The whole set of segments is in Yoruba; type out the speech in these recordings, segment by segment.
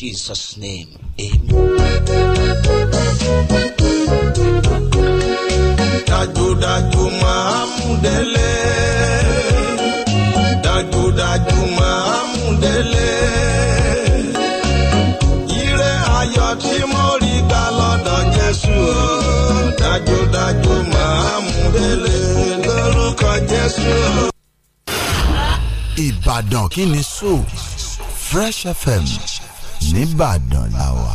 Jesus' name, amen. Dájúdájú máa mú délé. Dájúdájú máa mú délé. Ire ayọ̀ tí mo rí gbà lọ́dọ̀ Jésù. Dájúdájú máa mú délé lórúkọ Ìbàdàn kí ni so Fresh FM nìbàdàn la wà.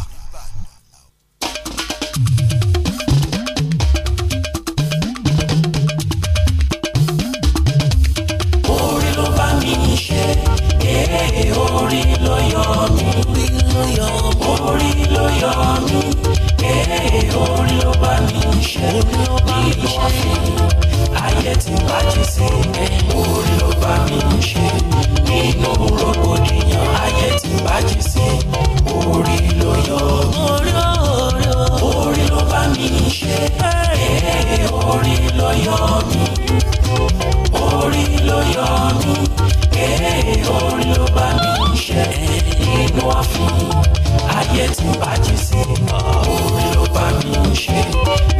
orí ló bá mi ṣe ee eh, orí ló yọ mí orí ló yọ mí ee eh, orí ló bá mi ṣe bí wọ́n fi ayé tí wájú sí orí bá mi ṣe nínú rògbòdìyàn ayé tí bàjẹ́ sí orí ló yọ orí ló bá mi ṣe orí ló yọ mí orí ló yọ mí orí ló bá mi ṣe nínú àfin ayé tí bàjẹ́ sí orí ló bá mi ṣe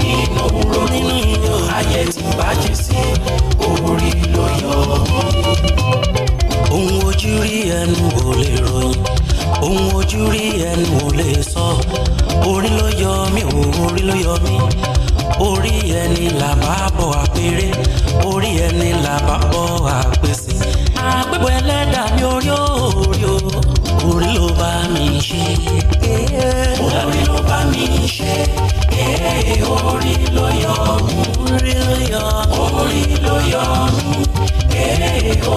nínú rògbòdìyàn ayé tí bàjẹ́ sí orí ayọ̀ ohun ojú rí ẹnu ò lè ròyìn ohun ojú rí ẹnu ò lè sọ orí ló yọ mí ò orí ló yọ mí orí ẹni là bá bọ̀ àpèrè orí ẹni là bá bọ̀ àpèsè àpèpọ̀ ẹlẹ́dàá ní orí òòrí o orí ló bá mi ṣe orí ló bá mi ṣe orí ló yọ orí ló yọ orí ló yọ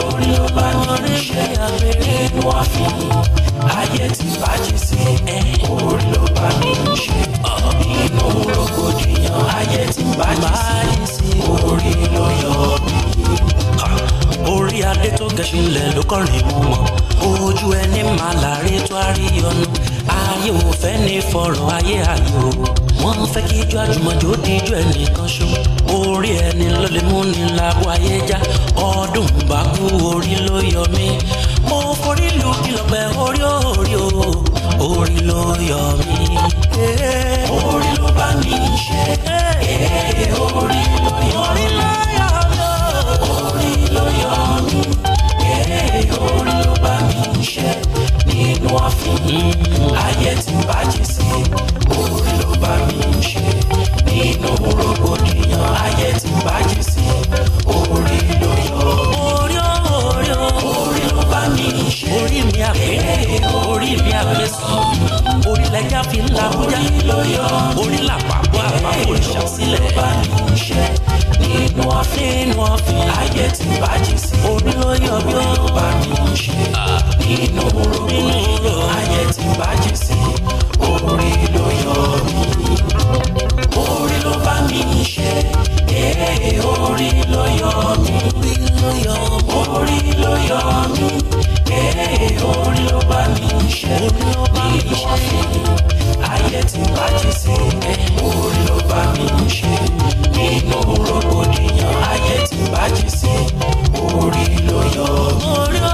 orí ló bá mi ṣe nínú àfihàn ayé ti bàjẹ́ sí orí ló bá mi ṣe nínú rògbòdìyàn ayé ti bàjẹ́ sí orí ló yọ adé tó gẹṣin lẹ̀ ló kọrin mú mọ́ ojú ẹni máa láre tó a rí ọnu ayé ò fẹ́ ní fọ̀rọ̀ ayé ayò wọ́n fẹ́ kí ijó àjùmọ̀jò di ijó ẹnìkan ṣó orí ẹni ló lè mú ni lágbo ayé já ọdún bá kú orí ló yọ mí mo forí lu kìlọ̀pẹ̀ orí orí o orí ló yọ mí. orí ló bá mi ṣe orí ló yọ mí mi eré orí ló bá mi ṣe nínú ọ̀fìn ayé tí ń bàjẹ́ sí orí ló bá mi ṣe nínú rògbòdìyàn ayé tí ń bàjẹ́ sí orí ló yọ orí orí orí ló bá mi ṣe orí mi àgbẹ̀ orí mi àgbẹ̀ sọ fi ń la kújà orí ló yọ orí làpá wá má wò ṣá sílẹ̀ bá ní kò ṣe. nínú ọ̀fìn nínú ọ̀fìn ayé ti bàjẹ́ sí. orí ló yọ bí ó bá ní kò ṣe. nínú orogún ayé ti bàjẹ́ sí. orí ló yọ bí. Hey, ló yọ mí orí ló yọ mí orí ló yọ mí orí ló bá mi ṣe nínú ọ̀fìn ayé tí bàjẹ́ sí orí ló bá mi ṣe nínú rògbòdìyàn ayé tí bàjẹ́ sí orí ló yọ mí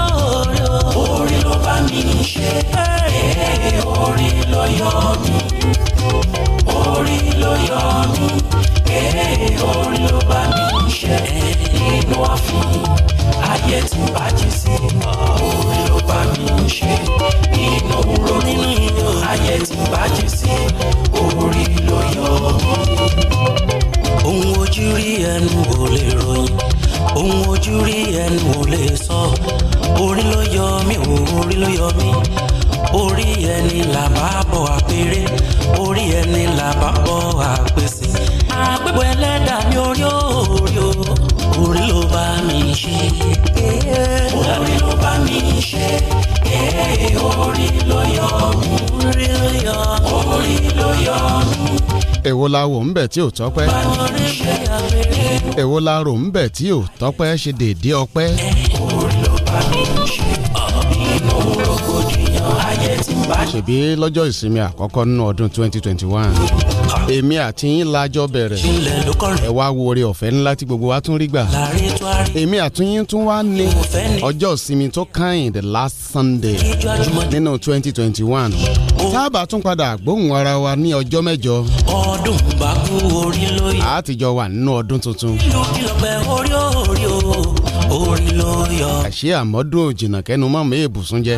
orí ló bá mi la wò ń bẹ̀ tí ò tọ́pẹ́ èwo la rò ń bẹ̀ tí ò tọ́pẹ́ ṣe déédéé ọpẹ́. ṣèbí lọ́jọ́ ìsinmi àkọ́kọ́ nínú ọdún 2021 èmi àti yín lájọ bẹ̀rẹ̀ ẹ wá wo oore ọ̀fẹ́ ńlá tí gbogbo wa tún rí gbà èmi àti yín tún wá ní ọjọ́ ìsinmi tó kàn the last Sunday nínú 2021 táàbà tún padà gbóhùn ara wa ní ọjọ́ mẹ́jọ ọdún bá kú orí lóye àtijọ́ wà nínú ọdún tuntun àṣé àmọ́dún òjìnà kẹnu mọ́ mi èbùsùn jẹ.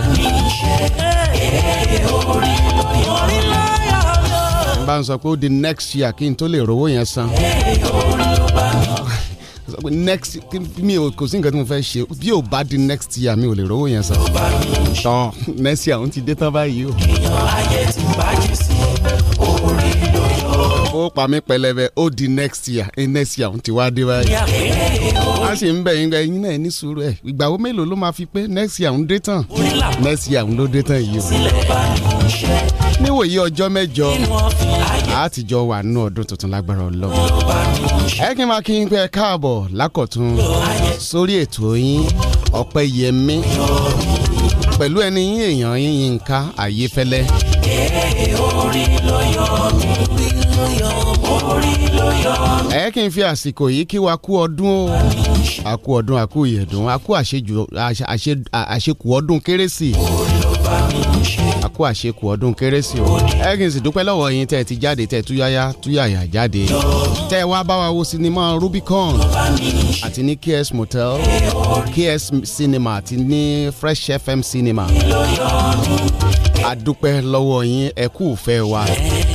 bá ń sọ pé ó di next year kí n tó lè rówó yẹn san next mi ò kò sí nǹkan tí mo fẹ́ ṣe bí ò bá di next year mi ò lè rówó yẹn san next year òun ti dé tán báyìí o. èèyàn ayé ti bájì sí i ìfowópamí pẹlẹbẹ ó di next year in eh, next year ti wá dé báyìí. a sì ń bẹ̀ yín gan ẹ̀yin náà ní sùúrù ẹ̀ ìgbà wo mélòó ló máa fi pé next year ń dé tán next year ń ló dé tán yìí o. níwòye ọjọ́ mẹ́jọ àtijọ́ wà nínú ọdún tuntun lágbára ọlọ́run. ẹ kí n máa kí n pẹ́ káàbọ̀ lákọ̀tún sórí ètò yín ọ̀pẹ yẹmí pẹ̀lú ẹni yín èèyàn yín Yínká Ayéfẹ́lẹ́. èrè orí ló yọ mí ló yọ orí ló yọ. ẹ kí n fi àsìkò yìí kí wa kú ọdún o àkú ọdún àkú ìyẹ̀dùn àkú àṣekù ọdún kérésì àkó àṣekù ọdún kérésì o ẹgìnsì dúpẹ́ lọ́wọ́ yín tẹ́ ẹ ti jáde tẹ́ ẹ túyáyá túyàyà jáde tẹ́ ẹ wá bá wa wo sinimá Rubicon àti ní KS Motel KS Cinema àti ní Fresh FM Cinema àdúpẹ́ lọ́wọ́ yín ẹ kú ìfẹ́ wa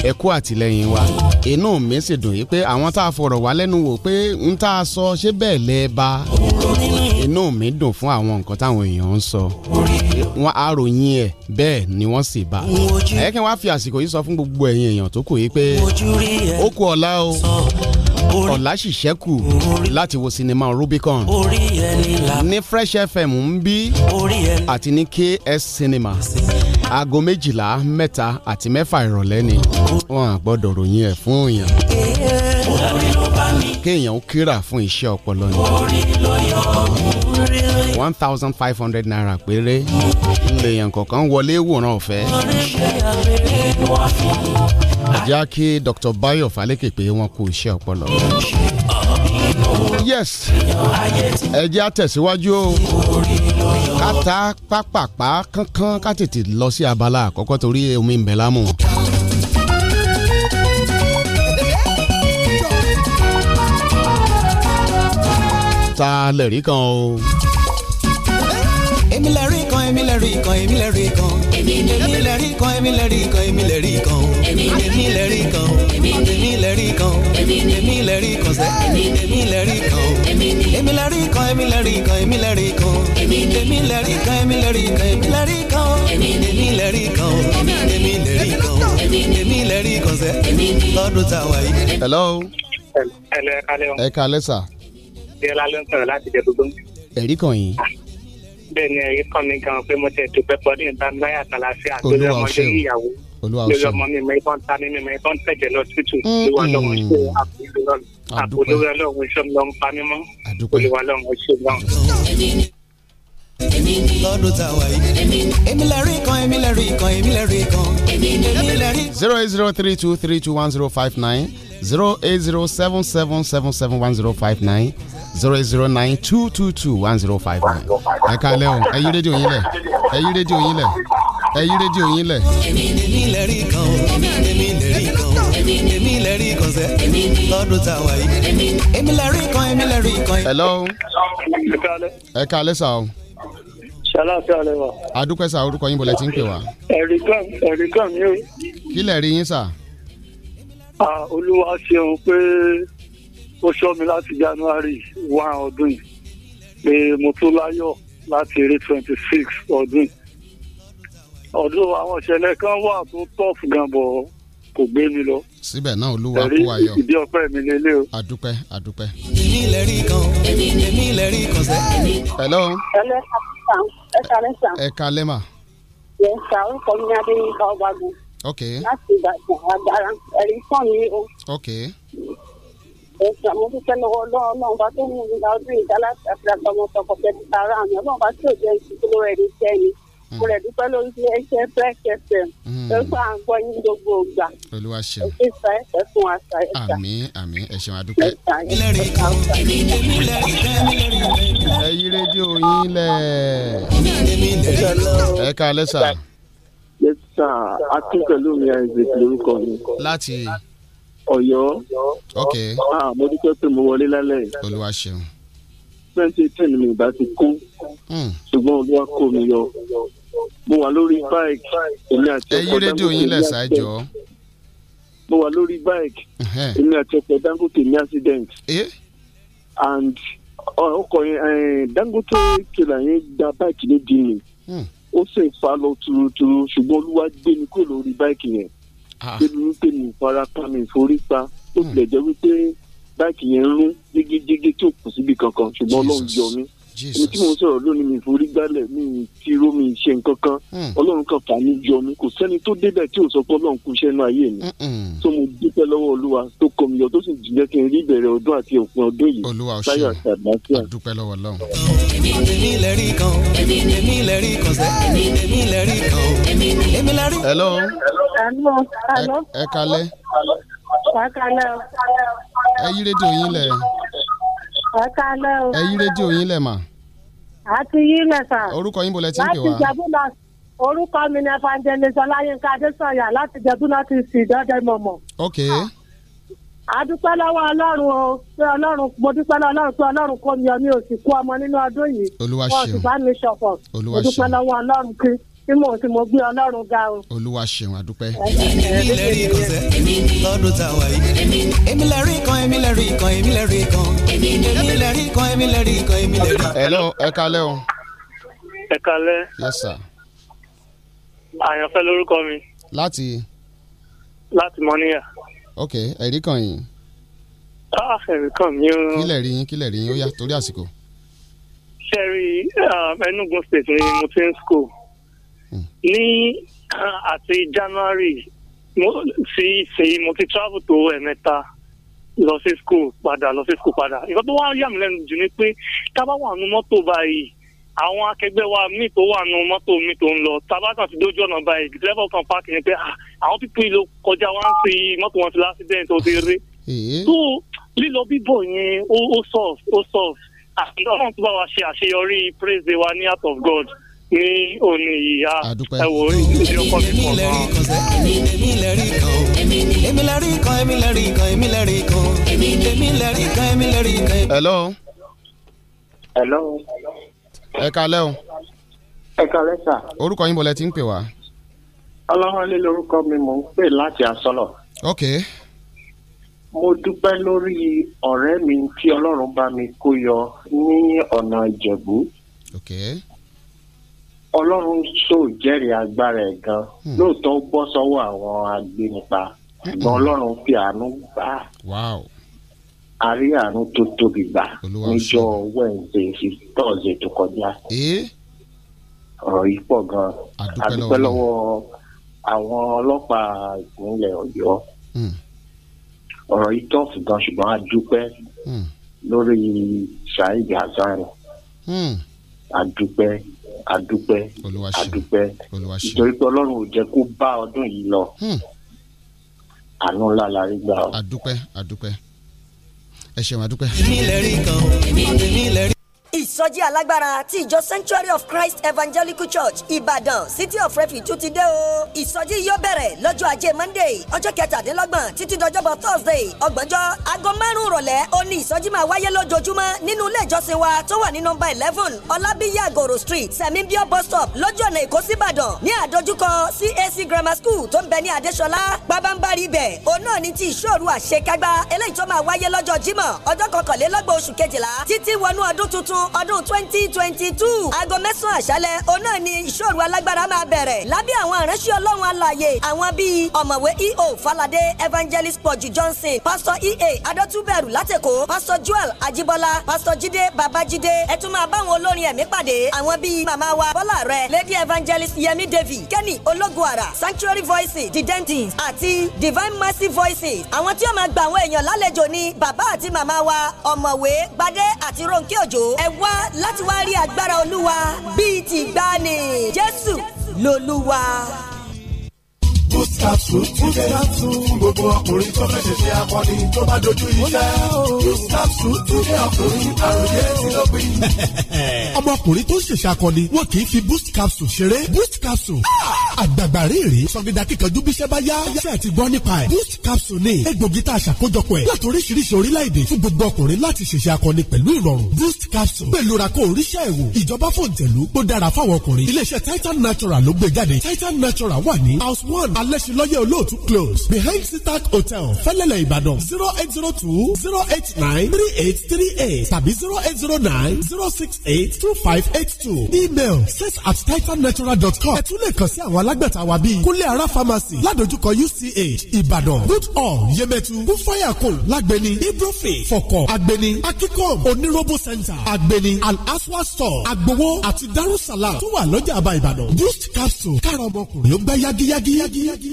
ẹ kú àtìlẹ́yìn wa inú mi sì dùn yìí pé àwọn tá a fọ̀rọ̀ wá lẹ́nu wò pé ń tá a sọ ṣé bẹ́ẹ̀ lẹ́ẹ̀ bá inú mi dùn fún àwọn nǹkan táwọn èèyàn ń sọ wọ́n á ròyìn ẹ̀ bẹ́ẹ̀ ni wọ́n sì bá ẹ kí wọ́n á fi àsìkò yìí sọ fún gbogbo ẹ̀yin èèyàn tó kù yìí pé ó kú ọ̀la o ọ̀la sì ṣẹ́kù láti wo sinimá Rubicon ní Fresh FM ń bí àti ní KS Cinema aago méjìlá mẹ́ta àti mẹ́fà ìrọ̀lẹ́ ni wọ́n á ròyìn ẹ̀ fún èèyàn kéèyàn ó kíra fún iṣẹ́ ọpọlọ ni. one thousand five hundred naira péré lèèyàn kọ̀ọ̀kan wọlé wòran ọ̀fẹ́. àjá kí Dr. Bayo Faleke pé wọ́n kú iṣẹ́ ọpọlọ. yes ẹ jẹ́ àtẹ̀síwájú o kátà pápápá kánkán ká tètè lọ sí abala àkọ́kọ́ torí omi ń bẹ lámù. ta lẹ̀rí kan o. èmi lẹ̀rí kan èmi lẹ̀rí kan èmi lẹ̀rí kan èmi lẹ̀rí kan èmi lẹ̀rí kan èmi lẹ̀rí kan èmi lẹ̀rí kan èmi lẹ̀rí kan èmi lẹ̀rí kan èmi lẹ̀rí kan èmi lẹ̀rí kan èmi lẹ̀rí kan èmi lẹ̀rí kan èmi lẹ̀rí kan èmi lẹ̀rí kan èmi lẹ̀rí kan èmi lẹ̀rí kan èmi lẹ̀rí kan èmi lẹ̀rí kan sẹ́ lọ́dún tá a wà yìí. hello. ẹ kalẹ́ sa. Abiola ló ń sọ̀rọ̀ láti Ìjẹ̀bú-Gbó. ẹ̀rí kan yìí. bẹ́ẹ̀ ni ẹ̀rí kan mi gan pé mo tẹ̀ dúpẹ́ pọ́dún ìta láyà àtàlàfíà lórí ọmọdé ìyàwó lórí ọmọ mi mọ ibọn ta mi mọ ibọn tẹ̀jẹ̀ lọ tútù olúwa lọ́wọ́ ṣe àpòlówó ọlọ́run iṣẹ́ mi lọ ń pa mí mọ́ olúwa lọ́wọ́ ṣe náà. lọ́dún tá a wà yìí. èmi lè kan èmi lè kan èmi lè kan èmi lè zero eight zero three two three two one zero five nine zero eight zero seven seven seven seven one zero five nine zero eight zero nine two two two one zero five nine. ẹ kalẹ́ o ẹ yí rédíò yín lẹ̀ ẹ yí rédíò yín lẹ̀ ẹ yí rédíò yín lẹ̀. èmi ni lè rí kan èmi lè rí kan èmi lè rí kan sẹ́ lọ́dún tá a wà yìí èmi lè rí kan èmi lè rí kan. hello. ẹ kalẹ́. ẹ kalẹ́ sà o ṣàlàfíà lẹ wà. adúpẹ́ sà orúkọ yín bọ̀lẹ̀ tí ń pè wá. ẹ̀rí kan ẹ̀rí kan mi ò. kí lẹ̀ rí yín sà. olúwa ṣeun pé ó ṣọ́ mi láti january one ọdún pé mo tún láyọ̀ láti eré twenty six ọdún ọdún àwọn ìṣẹ̀lẹ̀ kan wà tó tọ́ọ̀fù gan kò gbé mi lọ. síbẹ̀ náà olúwa kó wa yọ. ìdí ọpẹ́ mi lélẹ̀ o. àdúpẹ́ àdúpẹ́. èmi lè rí kan èmi lè rí kan sẹ́. hello. ẹ kalẹ́ sàn. ẹ kalẹ́ mà. ẹ sà orúkọ mi adéyínká ọbagun. ok. láti ìgbà àgbàrá ẹ̀rí fún mi o. ok ìṣàmójú tẹ́lẹ̀ ọlọ́run ọlọ́run bá tó mú ìlà ọdún ìdálá àti àgbàmọ̀ tọkọ pẹ̀lú tààrà àmì ọlọ́run bá tí ò jẹ́ ìṣúkúrò rẹ̀ ní sẹ́ni mo rẹ̀ dúpẹ́ lórí ti ẹ̀ṣẹ̀ fẹ́ kẹsẹ̀ wa dúpẹ́. ẹ rédíò yín lẹ̀. ẹ ká lẹ́sà. lẹ́sà akínkẹ̀lú mi àìsèkì lórúkọ mi. láti. Ọ̀yọ́. ok ah mo dúpẹ́ pé mo wọlé lálẹ́. olúwa ṣeun. twenty ten mi ìbá ti kú. Hmm. ṣùgbọ́n olúwa kó mi yọ. mo wà lórí bike. èmi àti ọkọ Dangote ní àṣẹ. mo wà lórí bike. èmi àti ọkọ Dangote ní accident. Eh? and ọkọ yẹn Dangote kìlà yẹn da bike ní dini. Hmm. ó sì fa lọ turuturu ṣùgbọ́n olúwa gbé mi kúrò lórí bike yẹn débi ah. wípé mi fara pa mi forí pa ó tilẹ̀ jẹ́ wípé báìkì yẹn ń rún jégéjégé tí ò kù síbi kankan ṣùgbọ́n ọlọ́run yọ mí ní tí mo ń sọ̀rọ̀ lónìí mi forí gbálẹ̀ mi ti ró mi ṣe nǹkan kan hmm. ọlọ́run kan fà mí yọ mi kò sẹ́ni tó débẹ̀ tí ò sọ pé ọlọ́run kú inú ayé mi tó mo dúpẹ́ lọ́wọ́ olúwa tó kọ mi yọ tó sì jẹ́ kí n rí ìbẹ̀rẹ̀ ọdún àti òpin ọdún yìí olúwa ọ̀ṣẹ́ táyà àti àdáfíà. dúpẹ́ lọ́wọ́ ọlọ́run. èmi lè rí kan èmi lè rí kan sẹ́ èmi lè rí kan èmi lè rí. hello. ẹ kalẹ́. ẹ yí rédíò yín lẹ̀. ẹ kálẹ́ o. rédíò yín a ti yí lẹ̀ orúkọ yín bolẹ̀ tí ń láti jẹ́bú náà, orúkọ mi ni evangelist ọláyínká adésọyà láti jẹ́bú náà ti sì dọ́dẹ mọ̀mọ́. ok. a ọlọ́run o pé ọlọ́run mo dúpẹ́ ọmọ nínú ọdún yìí. olúwa bá tí mo ti mo gbé ọlọ́run ga o. olúwa àdúpẹ́. lẹ́rìí kan lọ́dún yìí. hello ẹ kalẹ́ o. ẹ kalẹ́. yes sir. àyànfẹ́ lórúkọ mi. láti. láti mọ́níyà. ok ẹ̀rí kan yìí. ah ẹ̀rí kan mi o. kílẹ̀ rí yín kílẹ̀ rí yín ó yá torí àsìkò. sẹ́rí Enugu state ni mo ti ń school hmm. ní àti January sí ìsìn mo ti travel tó ẹ̀mẹ́ta. E lọ sí school padà lọ sí school padà nǹkan tó wá yà mí lẹ́nu jù ni pé tábà wà nù mọ́tò báyìí àwọn akẹgbẹ́ wa míì tó wà nù mọ́tò míì tó ń lọ tábà kan ti dójú ọ̀nà báyìí dírẹ́fọ̀ kan páàkì ni pé ah, àwọn pípín ló kọjá wá ń fi mọ́tò wọn ti lásìdẹ́ǹt tó ti rí tó lílọ bíbọ̀ yẹn ó sọ̀f ó sọ̀f àti ah, ọlọ́run tó bá wa ṣe àṣeyọrí praise the wa ní of God ní òní ìyá ẹ̀wò ìdílé ọkọ mi pọ̀ mọ́. èmi lẹ́rìí kan èmi lẹ́rìí kan èmi lẹ́rìí kan èmi lẹ́rìí kan èmi lẹ́rìí kan èmi lẹ́rìí kan. hello. hello. ẹ kalẹ́ o. ẹ kalẹ́ sà. orúkọ yín bọ̀lẹ́ ti ń pè wá. ọlọ́wọ́lé lorúkọ mi mò ń pè láti àsọlọ̀. ok. mo dúpẹ́ lórí ọ̀rẹ́ mi tí ọlọ́run bá mi kó yọ ní ọ̀nà ìjẹ̀bú. okay ọlọ́run sọ ìjẹ́rìí agbára ẹ̀ gan hmm. lóòótọ́ bọ́ sọ́wọ́ àwọn agbẹnipa hmm. ṣùgbọ́n ọlọ́run fi àánú gbà á rí àánú tó tóbi gbà níjọ́ wẹ̀ǹdẹ̀ sí tọ́ọ̀sẹ̀ tó kọjá eh? ọ̀rọ̀ yìí pọ̀ gan adúpẹ́ lọ́wọ́ àwọn ọlọ́pàá ìpínlẹ̀ ọ̀yọ́ hmm. ọ̀rọ̀ yìí tọ́ọ̀fù gan ṣùgbọ́n adúpẹ́ lórí Saheed Hasan adúpẹ́ adúpẹ́ adúpẹ́ nítorí pé ọlọ́run ò jẹ́ kó bá ọdún yìí lọ hmm. àánú ńlá la rí gbà. adúpẹ́ adúpẹ́ ẹ ṣeun adúpẹ́. èmi lè rí kan èmi lè rí ìsọjí alágbára ti ìjọ sanctuary of christ evangelical church ìbàdàn city of refuge tún ti dé o ìsọjí yóò bẹ̀rẹ̀ lọ́jọ́ ajé monday ọjọ́ kẹtàdínlọ́gbọ̀n títí dọjọ́bọ̀ thursday ọgbọ̀njọ́ aago márùn-ún rọ̀lẹ́ ó ní ìsọjí máa wáyé lójoojúmọ́ nínú ilé ìjọsìn wa tó wà ní nọmba eleven ọlábíyí àgòrò street sẹ̀míbíọ́ bus stop lójú ọ̀nà èkó síbàdàn ní àdójúkọ cac grammar school tó ń bẹ ní adéṣọlá pábánbárì ibẹ̀ òun náà ní ti ìṣòro àṣekágbá eléyìí tó máa wáyé lọ́jọ́ jímọ̀ ọjọ́ kọkànlélọ́gbọ̀n oṣù kejìlá títí wọnú ọdún tuntun ọdún twenty twenty two aago mẹ́sàn-án àṣálẹ̀ òun náà ni ìṣòro alágbára máa bẹ̀rẹ̀ lábẹ́ àwọn ìránṣẹ́ ọlọ́run alààyè àwọn bíi ọ̀mọ̀wé eo falade evangelist pọ̀jù johnson pastor ea adọ́túbẹ̀rù látẹ̀kọ́ pastor joel ajibola pastor jide babajide ẹ tún máa báwọn olórin ẹ̀mí pàdé àwọn bíi màmá wa bọ́lá rẹ̀ lady evangelist yemi Devi. kenny ológunara sanctuary voices the dentist àti divine mercy voices àwọn tí ó máa gba àwọn èèyàn lálejò ni bàbá àti màmá wa ọ̀mọ̀wé gbadé àti ronke òjò ẹ wá láti wá rí agbára olúwa bíi ti ìgbàanì jésù lolúwa. boost capsule ti bẹ̀ fún gbogbo ọkùnrin tó fẹ́ ṣẹ̀ṣẹ̀ akọni tó bá dojú iṣẹ́ boost capsule ti bẹ̀ ọkùnrin àròyé ti lọ́gbìn. ọmọkùnrin tó ṣẹ̀ṣẹ̀ akọni wọn kì í fi boost capsule ṣeré boost capsule àgbàgbà rírì sọ̀gídà kíkanjú bíṣẹ́ bá yá ṣe àti gbọ́ nípa ẹ̀ boost capsule ni egbògi tá a ṣàkójọpọ̀ ẹ̀ láti oríṣiríṣi orílẹ̀-èdè fún gbogbo ọkùnrin láti ṣẹ̀ṣẹ̀ akọni pẹ̀lú ìrọ̀rùn boost capsule pẹ̀lú ra kó oríṣẹ́ ẹ̀wò ìjọba fòǹtẹ̀lú kó dára fáwọn ọkùnrin iléeṣẹ́ titan natural ló gbé jáde titan natural wà ní house one alẹ́sìlọ́yẹ̀ olóòtú close behind sitak hotel fẹ́lẹ́lẹ̀ ìbàdàn zero eight zero two zero eight nine three eight three eight tàbí zero eight zero nine zero six eight two five eight two email sales at titannatural.com ẹ tún lè kàn sí àwọn alágbàtà wa bíi kúnlé ara pharmacy ládojúkọ UCH ìbàdàn good all yemẹtu kúfáyà kò lágbẹni ibuprofen fọkọ agbẹni akíkọ́m oníròbó center agbeni and aswa store agbowo àti darussalam tó wà lọ́jà àbá ìbàdàn boost capsule káàrọ̀ ọmọkùnrin ó gbẹ́ yagiyagi.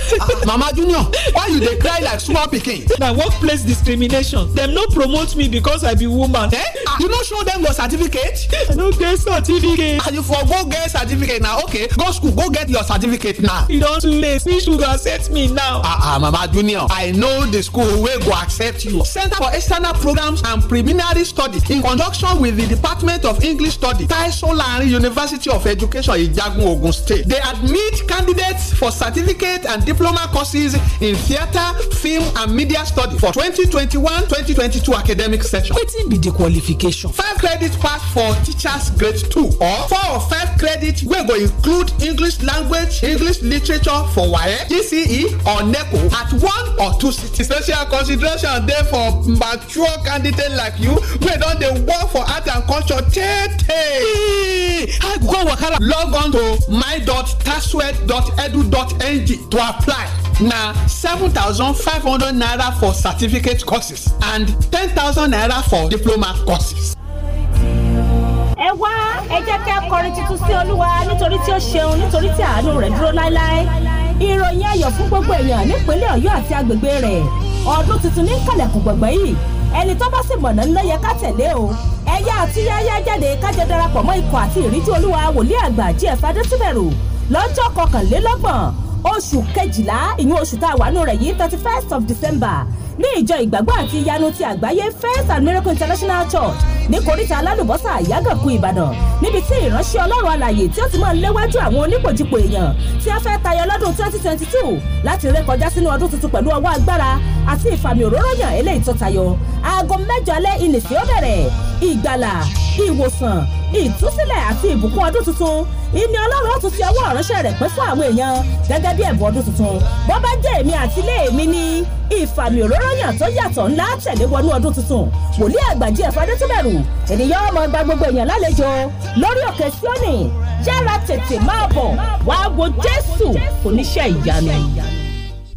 mama junior why you dey cry like small pikin. na workplace discrimination dem no promote me because i be woman. Eh? Ah, you no show dem your certificate. i no get certificate. and ah, you for go get certificate na okay go school go get your certificate now. e don too late which school go accept me now. ah ah mama junior i know the school wey go accept you. Center for external programs and preliminary studies in country production with the Department of English Study, Taiso Lanrin University of Education, Ijagun, Ogun State. They admit candidates for certificate and diploma courses in theatre, film and media study for 2021-2022 academic session. Wetin be the qualification? Five credit pass for teachers grade two or four or five credit wey go include English language, English literature for WAEC, GCE or NECO at one or two cities. Special consideration dey for mature candidates like you wey don dey work for art and culture tey tey. go come log on to my.tasweb.edu.ng to apply na seven thousand five hundred naira for certificate courses and ten thousand naira for diploma courses. ẹ wá ẹ jẹ́ kí kọrin tuntun sí olúwa nítorí tí ó ṣeun nítorí tí àánú rẹ̀ dúró láéláé ìròyìn ayọ̀ fún gbogbo èèyàn nípínlẹ̀ ọ̀yọ́ àti agbègbè rẹ̀ ọdún tuntun ní kàlẹ̀kùn gbọ̀gbẹ́ yìí ẹni tó bá sì mọ̀nà ńlọ yẹ ká tẹ̀lé o ẹ̀yà àti yáyá jáde kájọ darapọ̀ mọ́ ikọ̀ àti ìríjú olúwa wòlíì àgbà J.F. Adétúbẹ̀rù lọ́jọ́ kọkànlélọ́gbọ̀n oṣù kejìlá ìyún oṣù tá a wà nù rẹ̀ yìí thirty first of December ní ìjọ ìgbàgbọ́ àti ìyanu ti àgbáyé First and Miracle International Church ní koríta alálùbọ́sà àyágànkù Ìbàdàn níbi tí ìránṣẹ́ Ọlọ́run alàyè tí ó ti máa ń léwájú àwọn onípòjìpò èèyàn tí a fẹ́ tayọ lọ́dún 2022 láti rékọjá sínú ọdún tuntun pẹ̀lú ọwọ́ agbára àti ìfàmì òróró yàn eléyìí tó tayọ aago mẹ́jọ alẹ́ ìnìsí ó bẹ̀rẹ̀ ìgbàlà ìwòsàn ìtúsílẹ̀ àti ìbùkún ọdún tuntun ìní ọlọ́run ó tún fi ọwọ́ ìránṣẹ́ rẹ̀ pín fún àwọn èèyàn gẹ́gẹ́ bí ẹ̀bùn ọdún tuntun bó bá jẹ́ èmi àti ilé mi ní ìfàmì òróròyàn tó yàtọ̀ ńlá tẹ̀lé wọnú ọdún tuntun wòlíì àgbàjì ẹ̀fọ́ adétúbẹ̀rù ènìyàn ọmọ gba gbogbo èèyàn lálejò lórí òkè Síónì yára tètè máa bọ̀ wàá wo Jésù oníṣẹ́ ìyanu.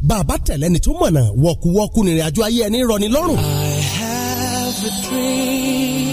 bàbá tẹ̀lẹ́ni tó mọ̀nà wọ̀kúwọ́kú nírìn àjò ayé ẹni rọ̀ ní lọ́rùn. I have a dream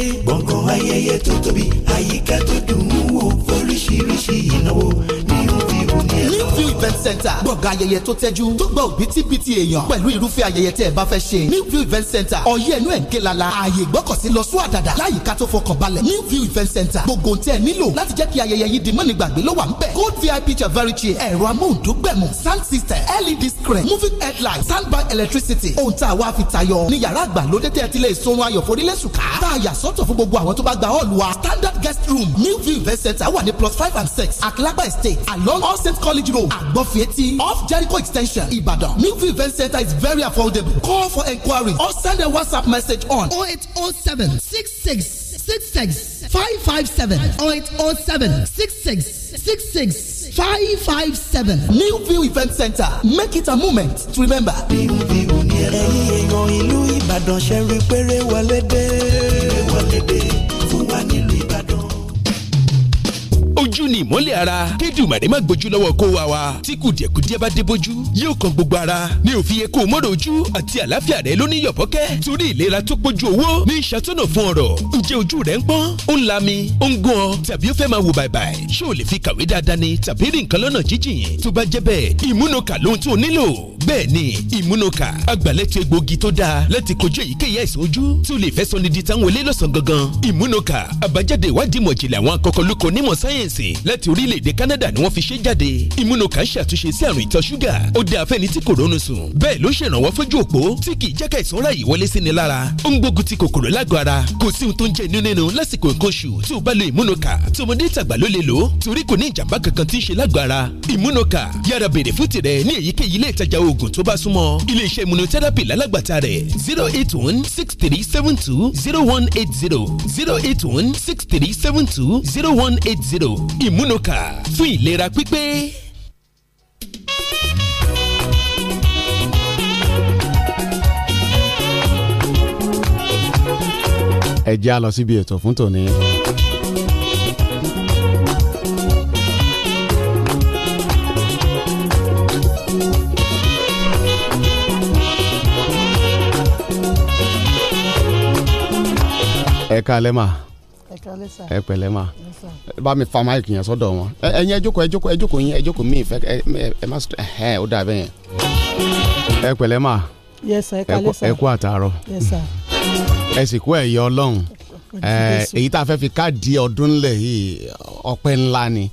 ṣeré. gbọ̀ngàn ayẹyẹ tó tóbi àyíká tó dùn ún wò fóríṣiríṣi ìnáwó new view event center gbọ̀ngàn ayẹyẹ tó tẹ́jú tó gba òbítíbitì èèyàn pẹ̀lú irúfẹ́ ayẹyẹ tẹ́ ẹ bá fẹ́ ṣe new view event center ọ̀yẹ́ ẹnu ẹ̀ ń ké lala ààyè ìgbọ́kọ̀sí lọ sún àdàdà láyìíká tó fọkàn balẹ̀ new view event center gbogbo tẹ́ ẹ nílò láti jẹ́ kí ayẹyẹ yìí di mọ́ni gbàgbé ló wà ń bẹ̀ gold vip chevrolet chair ẹ̀rọ amóhundógbẹ̀mù sound system led screen moving headlight standby electricity ohun tá a wá fi tayọ ní yàrá àgbàlódé tẹ́ ẹ ti lè sorun ayọ̀ forílẹ̀ sùkà tá a yà sọ́tọ̀ fún gbogbo àwọn tó bá gba hall wa standard guest room new view event center wà ní plus five and six àkìlágbà estate along all state college road agbofietti off jericho extension ibadan milk event center is very affordable call for enquiry or send a whatsapp message on 0807 66 66 557 0807 66 66 557 New View Event Center make it a moment to remember. Bíbíbíbù ni ẹ̀rọ. èèyàn ìlú Ìbàdàn ṣe rí péré wọlé dé. Péré wọlé dé fún wa nílùú ojú ni ìmọ́lẹ̀ ara kédùmàdé má gbójú lọ́wọ́ kó wa wa tí kùdìẹ̀kudiẹ bá dé bójú yóò kan gbogbo ara ní òfin yẹ kó o mọ́rọ̀ ojú àti àlàáfíà rẹ ló ní yọ̀bọ́kẹ́ torí ìlera tó pójú owó ní ìṣàtúnà fún ọ̀rọ̀ ǹjẹ́ ojú rẹ ń pọ́n ó ń lami ó ń gún ọ tàbí ó fẹ́ máa wò bàìbàì ṣé o lè fi kàwé dáadáa ni tàbí rìn kan lọ́nà jíjìn tó bá jẹ́ bẹ́ẹ̀ ìmúnokà lóhun di táwọn olé lọ́sàn gangan medicine láti orílẹ̀-èdè Canada ni wọ́n fi ṣe jáde immunocan ṣàtúnṣe sí àrùn ìtọ̀ ṣúgà ó dáa fẹ́ni tí kò rónú sùn bẹ́ẹ̀ ló ṣèrànwọ́ fójú òpó tí kì í jẹ́ kẹ̀sán ráyè wọlé sí ni lára ó ń gbógun ti kòkòrò lágọ̀ ara kò sí ohun tó ń jẹ inú nínú lásìkò nǹkan oṣù tí o bá lo immunocan tọmọdé tàgbà ló lè lò ó torí kò ní ìjàmbá kankan tí ń ṣe lágọ̀ ara immunocan yára béèrè fún tirẹ̀ ní èyíkéyìí ilé ìtajà oògùn tó bá súnmọ́ iléeṣẹ́ immunotherapy lálágbàtà rẹ̀ zero eight one six three seven two zero one eight zero zero eight one six three seven two zero one eight zero ìmúnuka fún ìlera pípé. ẹ já lọ síbi ètò fún tòní. ẹ káalẹ́ mà ẹ pẹ̀lẹ́ ma bá mi fa máìkì yẹn sọ́dọ̀ wọn ẹ̀yin ẹ jókòó ẹ jókòó ẹ jókòó yín ẹ jókòó mi ìfẹ́ ẹ má sọ ẹ ó dà bẹ́ẹ̀ yẹn ẹ pẹ̀lẹ́ ma ẹ kú àtàárọ̀ ẹ sì kú ẹ̀yẹ ọlọ́run èyí tá a fẹ́ fi káàdì ọdún ńlẹ̀ yìí ọpẹ́ ńlá ni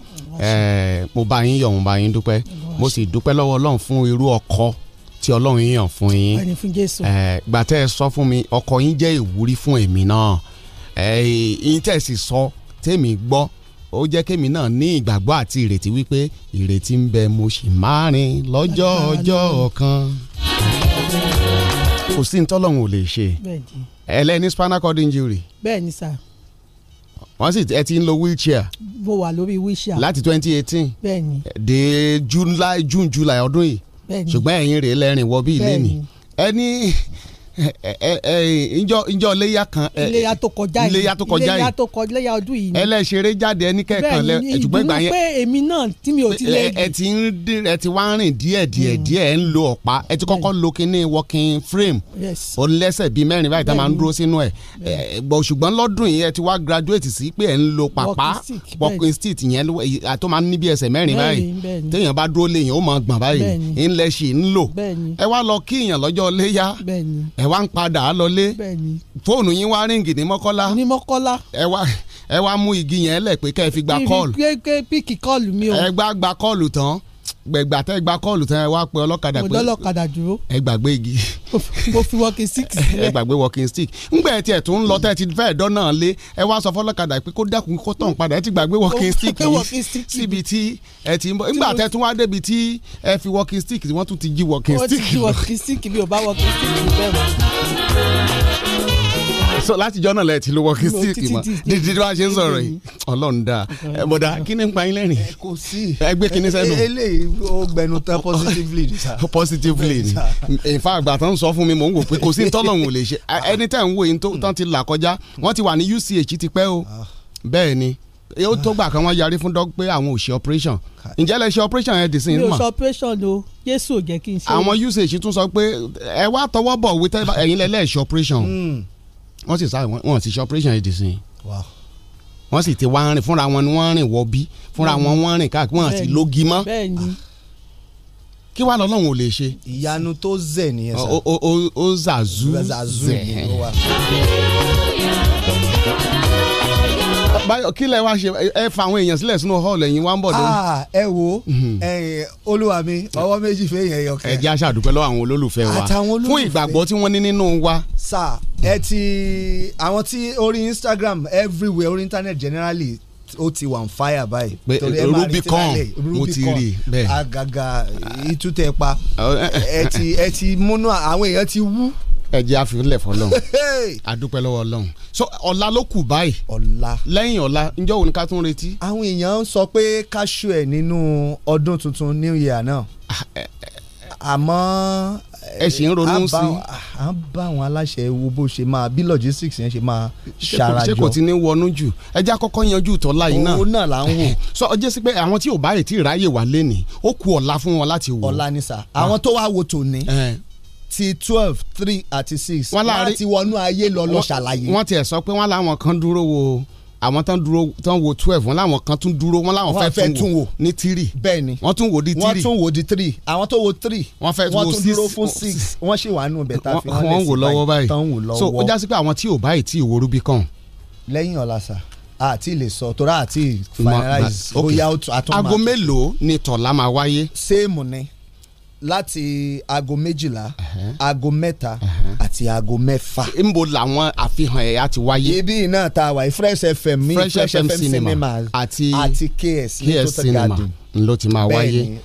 mo bá yín yọ̀ mo bá yín dúpẹ́ mo sì dúpẹ́ lọ́wọ́ ọlọ́run fún irú ọkọ tí ọlọ́run yàn fún yín gbàtẹ́ ẹ sọ fún mi ọkọ yín jẹ́ ìwúrí fún èmi náà intẹ́sì sọ tèmi gbọ́ ó jẹ́ kémi náà ní ìgbàgbọ́ àti ìrètí wípé ìrètí ń bẹ mo sì máa rìn lọ́jọ́ ọjọ́ kan kò sí ntọ́lọ́hún ò lè ṣe ẹlẹ́ni spinal cord injury. bẹ́ẹ̀ni sá. wọ́n sì ẹ ti ń lo wheelchair. mo wà lórí wheelchair. láti twenty eighteen. bẹ́ẹ̀ni. de June, july june july ọdún yìí. bẹ́ẹ̀ni ṣùgbọ́n ẹ̀yin rèé lẹ́rìn wọ bí ilé ni. ẹni njọ njọ iléyà kan iléyà tó kọjá yìí iléyà tó kọjá yìí iléyà tó kọjá iléyà ọdún yìí ni ẹlẹ́sẹ̀rẹ̀ jáde ẹni kẹ́ẹ̀kan lẹ ẹ̀tùgbọ́n ìgbà yẹn bẹ́ẹ̀ ni ìdùnnú pé èmi náà tí mi ò ti lẹ́yìn. ẹ ti ń ẹ ti wá rìn díẹ̀ díẹ̀ mm. díẹ̀ ẹ ń lo ọ̀pá ẹ ti kọ́kọ́ lo kinní walking frame ó lẹ́sẹ̀ bíi mẹ́rin báyìí tá a máa ń dúró sínú ẹ̀ ṣùgbọ́n lọ́dún yìí ẹ ti wá graduate sí pé ẹ ń lo pàpá walking stick yẹn tó máa ń ní bí ẹsẹ̀ mẹ́rin báyìí téèyàn bá dúró léèyàn ó máa gbọ̀n báyìí ń lẹ́sìn ń lò ẹ wá lọ kí èèyàn lọ́jọ́ léyà ẹ ẹ wá ń padà lọlé fóònù yín wá ríǹgì ní mọ́kọ́lá ní mọ́kọ́lá ẹ wá ẹ wá mú igi yẹn lẹ̀ pé kẹ́ ẹ fi gba kọ́ọ̀lù. ibi ẹ gbá gba kọ́ọ̀lù tán gbẹgbà tẹ gba kọ́ọ̀lù tẹ wá pé ọlọ́kadà pé mo dúró ẹ gbàgbé igi mo fi walking stick sílẹ̀ ẹ gbàgbé walking stick ngbẹ tí ẹ tún lọ tẹ ti fẹ́ dán náà lé ẹ wá sọ fọlọ́kadà pé kó dákun kó tàn padà ẹ ti gbàgbé walking stick yìí síbi tí ẹ ti ń bọ̀ ngbà tẹ tún wá débi tí ẹ fi walking stick wọ́n tún ti jí walking stick. wọ́n ti jí walking stick bí o bá walking stick bẹ́ẹ̀ mọ́ sọ láti jọ náà lẹ ti lo walking stick mọ dídí bá a ṣe ń sọ̀rọ̀ yìí Ọlọ́run dáa bọ̀dá kí ni ń pa yín lẹ́rìn. kò sí ẹgbẹ́ kìíní sẹ́nu. eléyìí ó gbẹnu tán positively ni sa. positively ni ìfà àgbà tán ń sọ fún mi mò ń wò pé kò sí tọ́lọ̀hún ò lè ṣe ẹni tẹ́ ń wò yín tán ti là kọjá wọ́n ti wà ní UCH ti pẹ́ o ah. bẹ́ẹ̀ ni ó tó gbà kan wọ́n yarí fún dọ́g àwọn ò operation ǹjẹ́ lẹ ṣe operation yẹn dì sí inú mọ̀. mi ò ṣe operation o Jésù ò jẹ́ kí n ṣe. àwọn usage tún sọ pé ẹ wá tọwọ́ bọ̀ wí tẹ́ ẹ̀yin lẹ́lẹ́ ṣe operation. Hmm wọ́n sì sá wọ́n sì ṣe operation yìí dìsìn wọ́n sì ti wá rìn fúnra wọn ni wọ́n rìn wọ bí fúnra wọn wọ́n rìn káàkiri wọ́n sì lógi mọ́ kí wàá lọ́lọ́run ò lè ṣe. ìyanu tó zẹ̀ nìyẹn sá. o o o zazu zẹ̀ báyọ̀ kí lẹ wá ṣe ẹ fa àwọn èèyàn sílẹ̀ sínú hall ẹ̀yin wá ń bọ̀ dórí. Ah, ẹ wo mhm. olúwa mi ọwọ́ méjì fẹ́ yẹn yọ kẹ́. ẹ jẹ́ aṣàdúpẹ́ lọ́wọ́ àwọn olólùfẹ́ wa fún ìgbàgbọ́ tí wọ́n ní nínú wa. sà ẹ ti àwọn tí orí Instagram everywhere orí internet generally ó ti wà ń fáyà báyìí. Eh, rubicon mo ti rí bẹ́ẹ̀. agaga itú tẹ pa ẹ ti múnú àwọn èèyàn ti wú ẹ jẹ́ àfihànlẹ̀ fọlọ́n àdúpẹ́ lọ́wọ́ ọlọ́run so ọ̀la ló kù báyìí ọ̀la lẹ́yìn ọ̀la ǹjọ́ wo ni ká tún retí. àwọn èèyàn ń sọ pé káṣù ẹ̀ nínú ọdún tuntun new year náà àmọ́ ẹ sì ń ronú sí. à ń bá àwọn aláṣẹ wo bó ṣe máa bí logistics yẹn ṣe máa ṣarajọ. ṣé kò ti ní wọnú jù ẹ jẹ́ àkọ́kọ́ yanjú ìtọ́lá yìí náà. òun náà là ń wò. sọ ọjọ́ sí pé àwọn tí ò bá ètí ìráyè wà lẹ́nìí ó ku ọ̀la fún wọn láti wò. ọ̀la ni sà àwọn tó wá wo tòní ti twelve three àti six wọ́n láti wọnú ayé lọ lọ ṣàlàyé. wọ́n tiẹ̀ sọ pé wọ́n láwọn kan dúró wo àwọn tán dúró tán wo twelve wọn làwọn kan tún dúró wọn làwọn fẹ́ tún wò ní tírì bẹ́ẹ̀ ni wọ́n tún wò di tírì wọ́n tún wò di tírì àwọn tó wo tírì wọ́n fẹ́ wo six wọ́n tún dúró fún six wọ́n sì wà nù bẹ̀tà fi wọ́n wò lọ́wọ́ báyìí tán wò lọ́wọ́ so ó já sí pé àwọn tí ò báyìí tí ìwòrú bí kàn. lẹ́yìn ọ̀làṣà àti lè sọ tó rà àti finalize bóyá àtúntò. aago mélòó ni tọ̀la máa wáyé. séèmù ni láti aago méjìlá aago mẹ́ta àti aago mẹ́fà. nbo làwọn àfihàn ẹ̀yà ti wáyé. ibi náà ta wà fresh fm mi fresh, fresh fm, cinema àti àti ks ní total garden ló ti máa wáyé.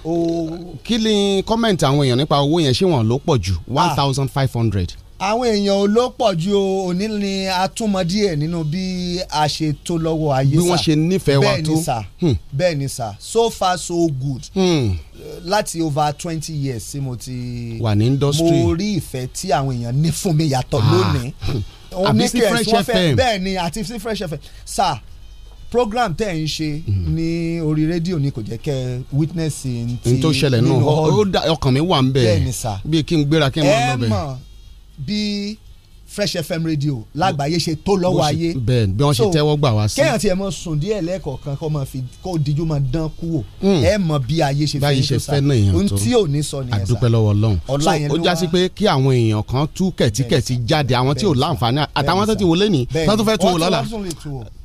kí ni kọ́mẹ̀ntì àwọn èèyàn nípa owó yẹn ṣé wọ́n ló pọ̀ jù ah. one thousand five hundred àwọn èèyàn olópọ̀ ju òní ni a túmọ̀ díẹ̀ nínú bí a ṣe tó lọ́wọ́ ayé sà bí wọ́n ṣe nífẹ̀ẹ́ wa tó hmm. bẹ́ẹ̀ ni sà so far so good hmm. láti over twenty years sí mo ti wà ní industry mo rí ìfẹ́ tí àwọn èèyàn ní fún mi yàtọ̀ ah. lónìí àbí sí fresh fm bẹ́ẹ̀ ni àti sí fresh fm sà program tẹ́ ẹ̀ ń ṣe hmm. ní orí rédíò ni kò jẹ́ kẹ́ witness ti nínú ọ̀hún ọkàn mi wà ń bẹ̀ bí kí n gbéra kí n mọ̀ ọ́ bẹ̀. ẹ mọ̀ bí fresh fm radio lágbàáyé ṣe tó lọ́wọ́ ayé bẹ́ẹ̀ bí wọ́n ṣe tẹ́wọ́ gbà wá sí. kéèyàn tiẹ̀ mọ sùn díẹ̀ lẹ́ẹ̀kọ̀ọ̀kan kó mọ fi kó dijú mọ dán kú wò hmm. ẹ mọ bí ayé ṣe fẹ́ tó sa ohun tí ò ní sọ nìyẹn sa àdúpẹ́ lọ́wọ́ Ọlọ́run ọ̀la yẹn ló wá ó jásí pé kí àwọn èèyàn kan tú kẹ̀tíkẹ̀tí jáde àwọn tí ò láǹfààní àtàwọn tó ti wọlé ní tó tún fẹ́ tu wò lọ́la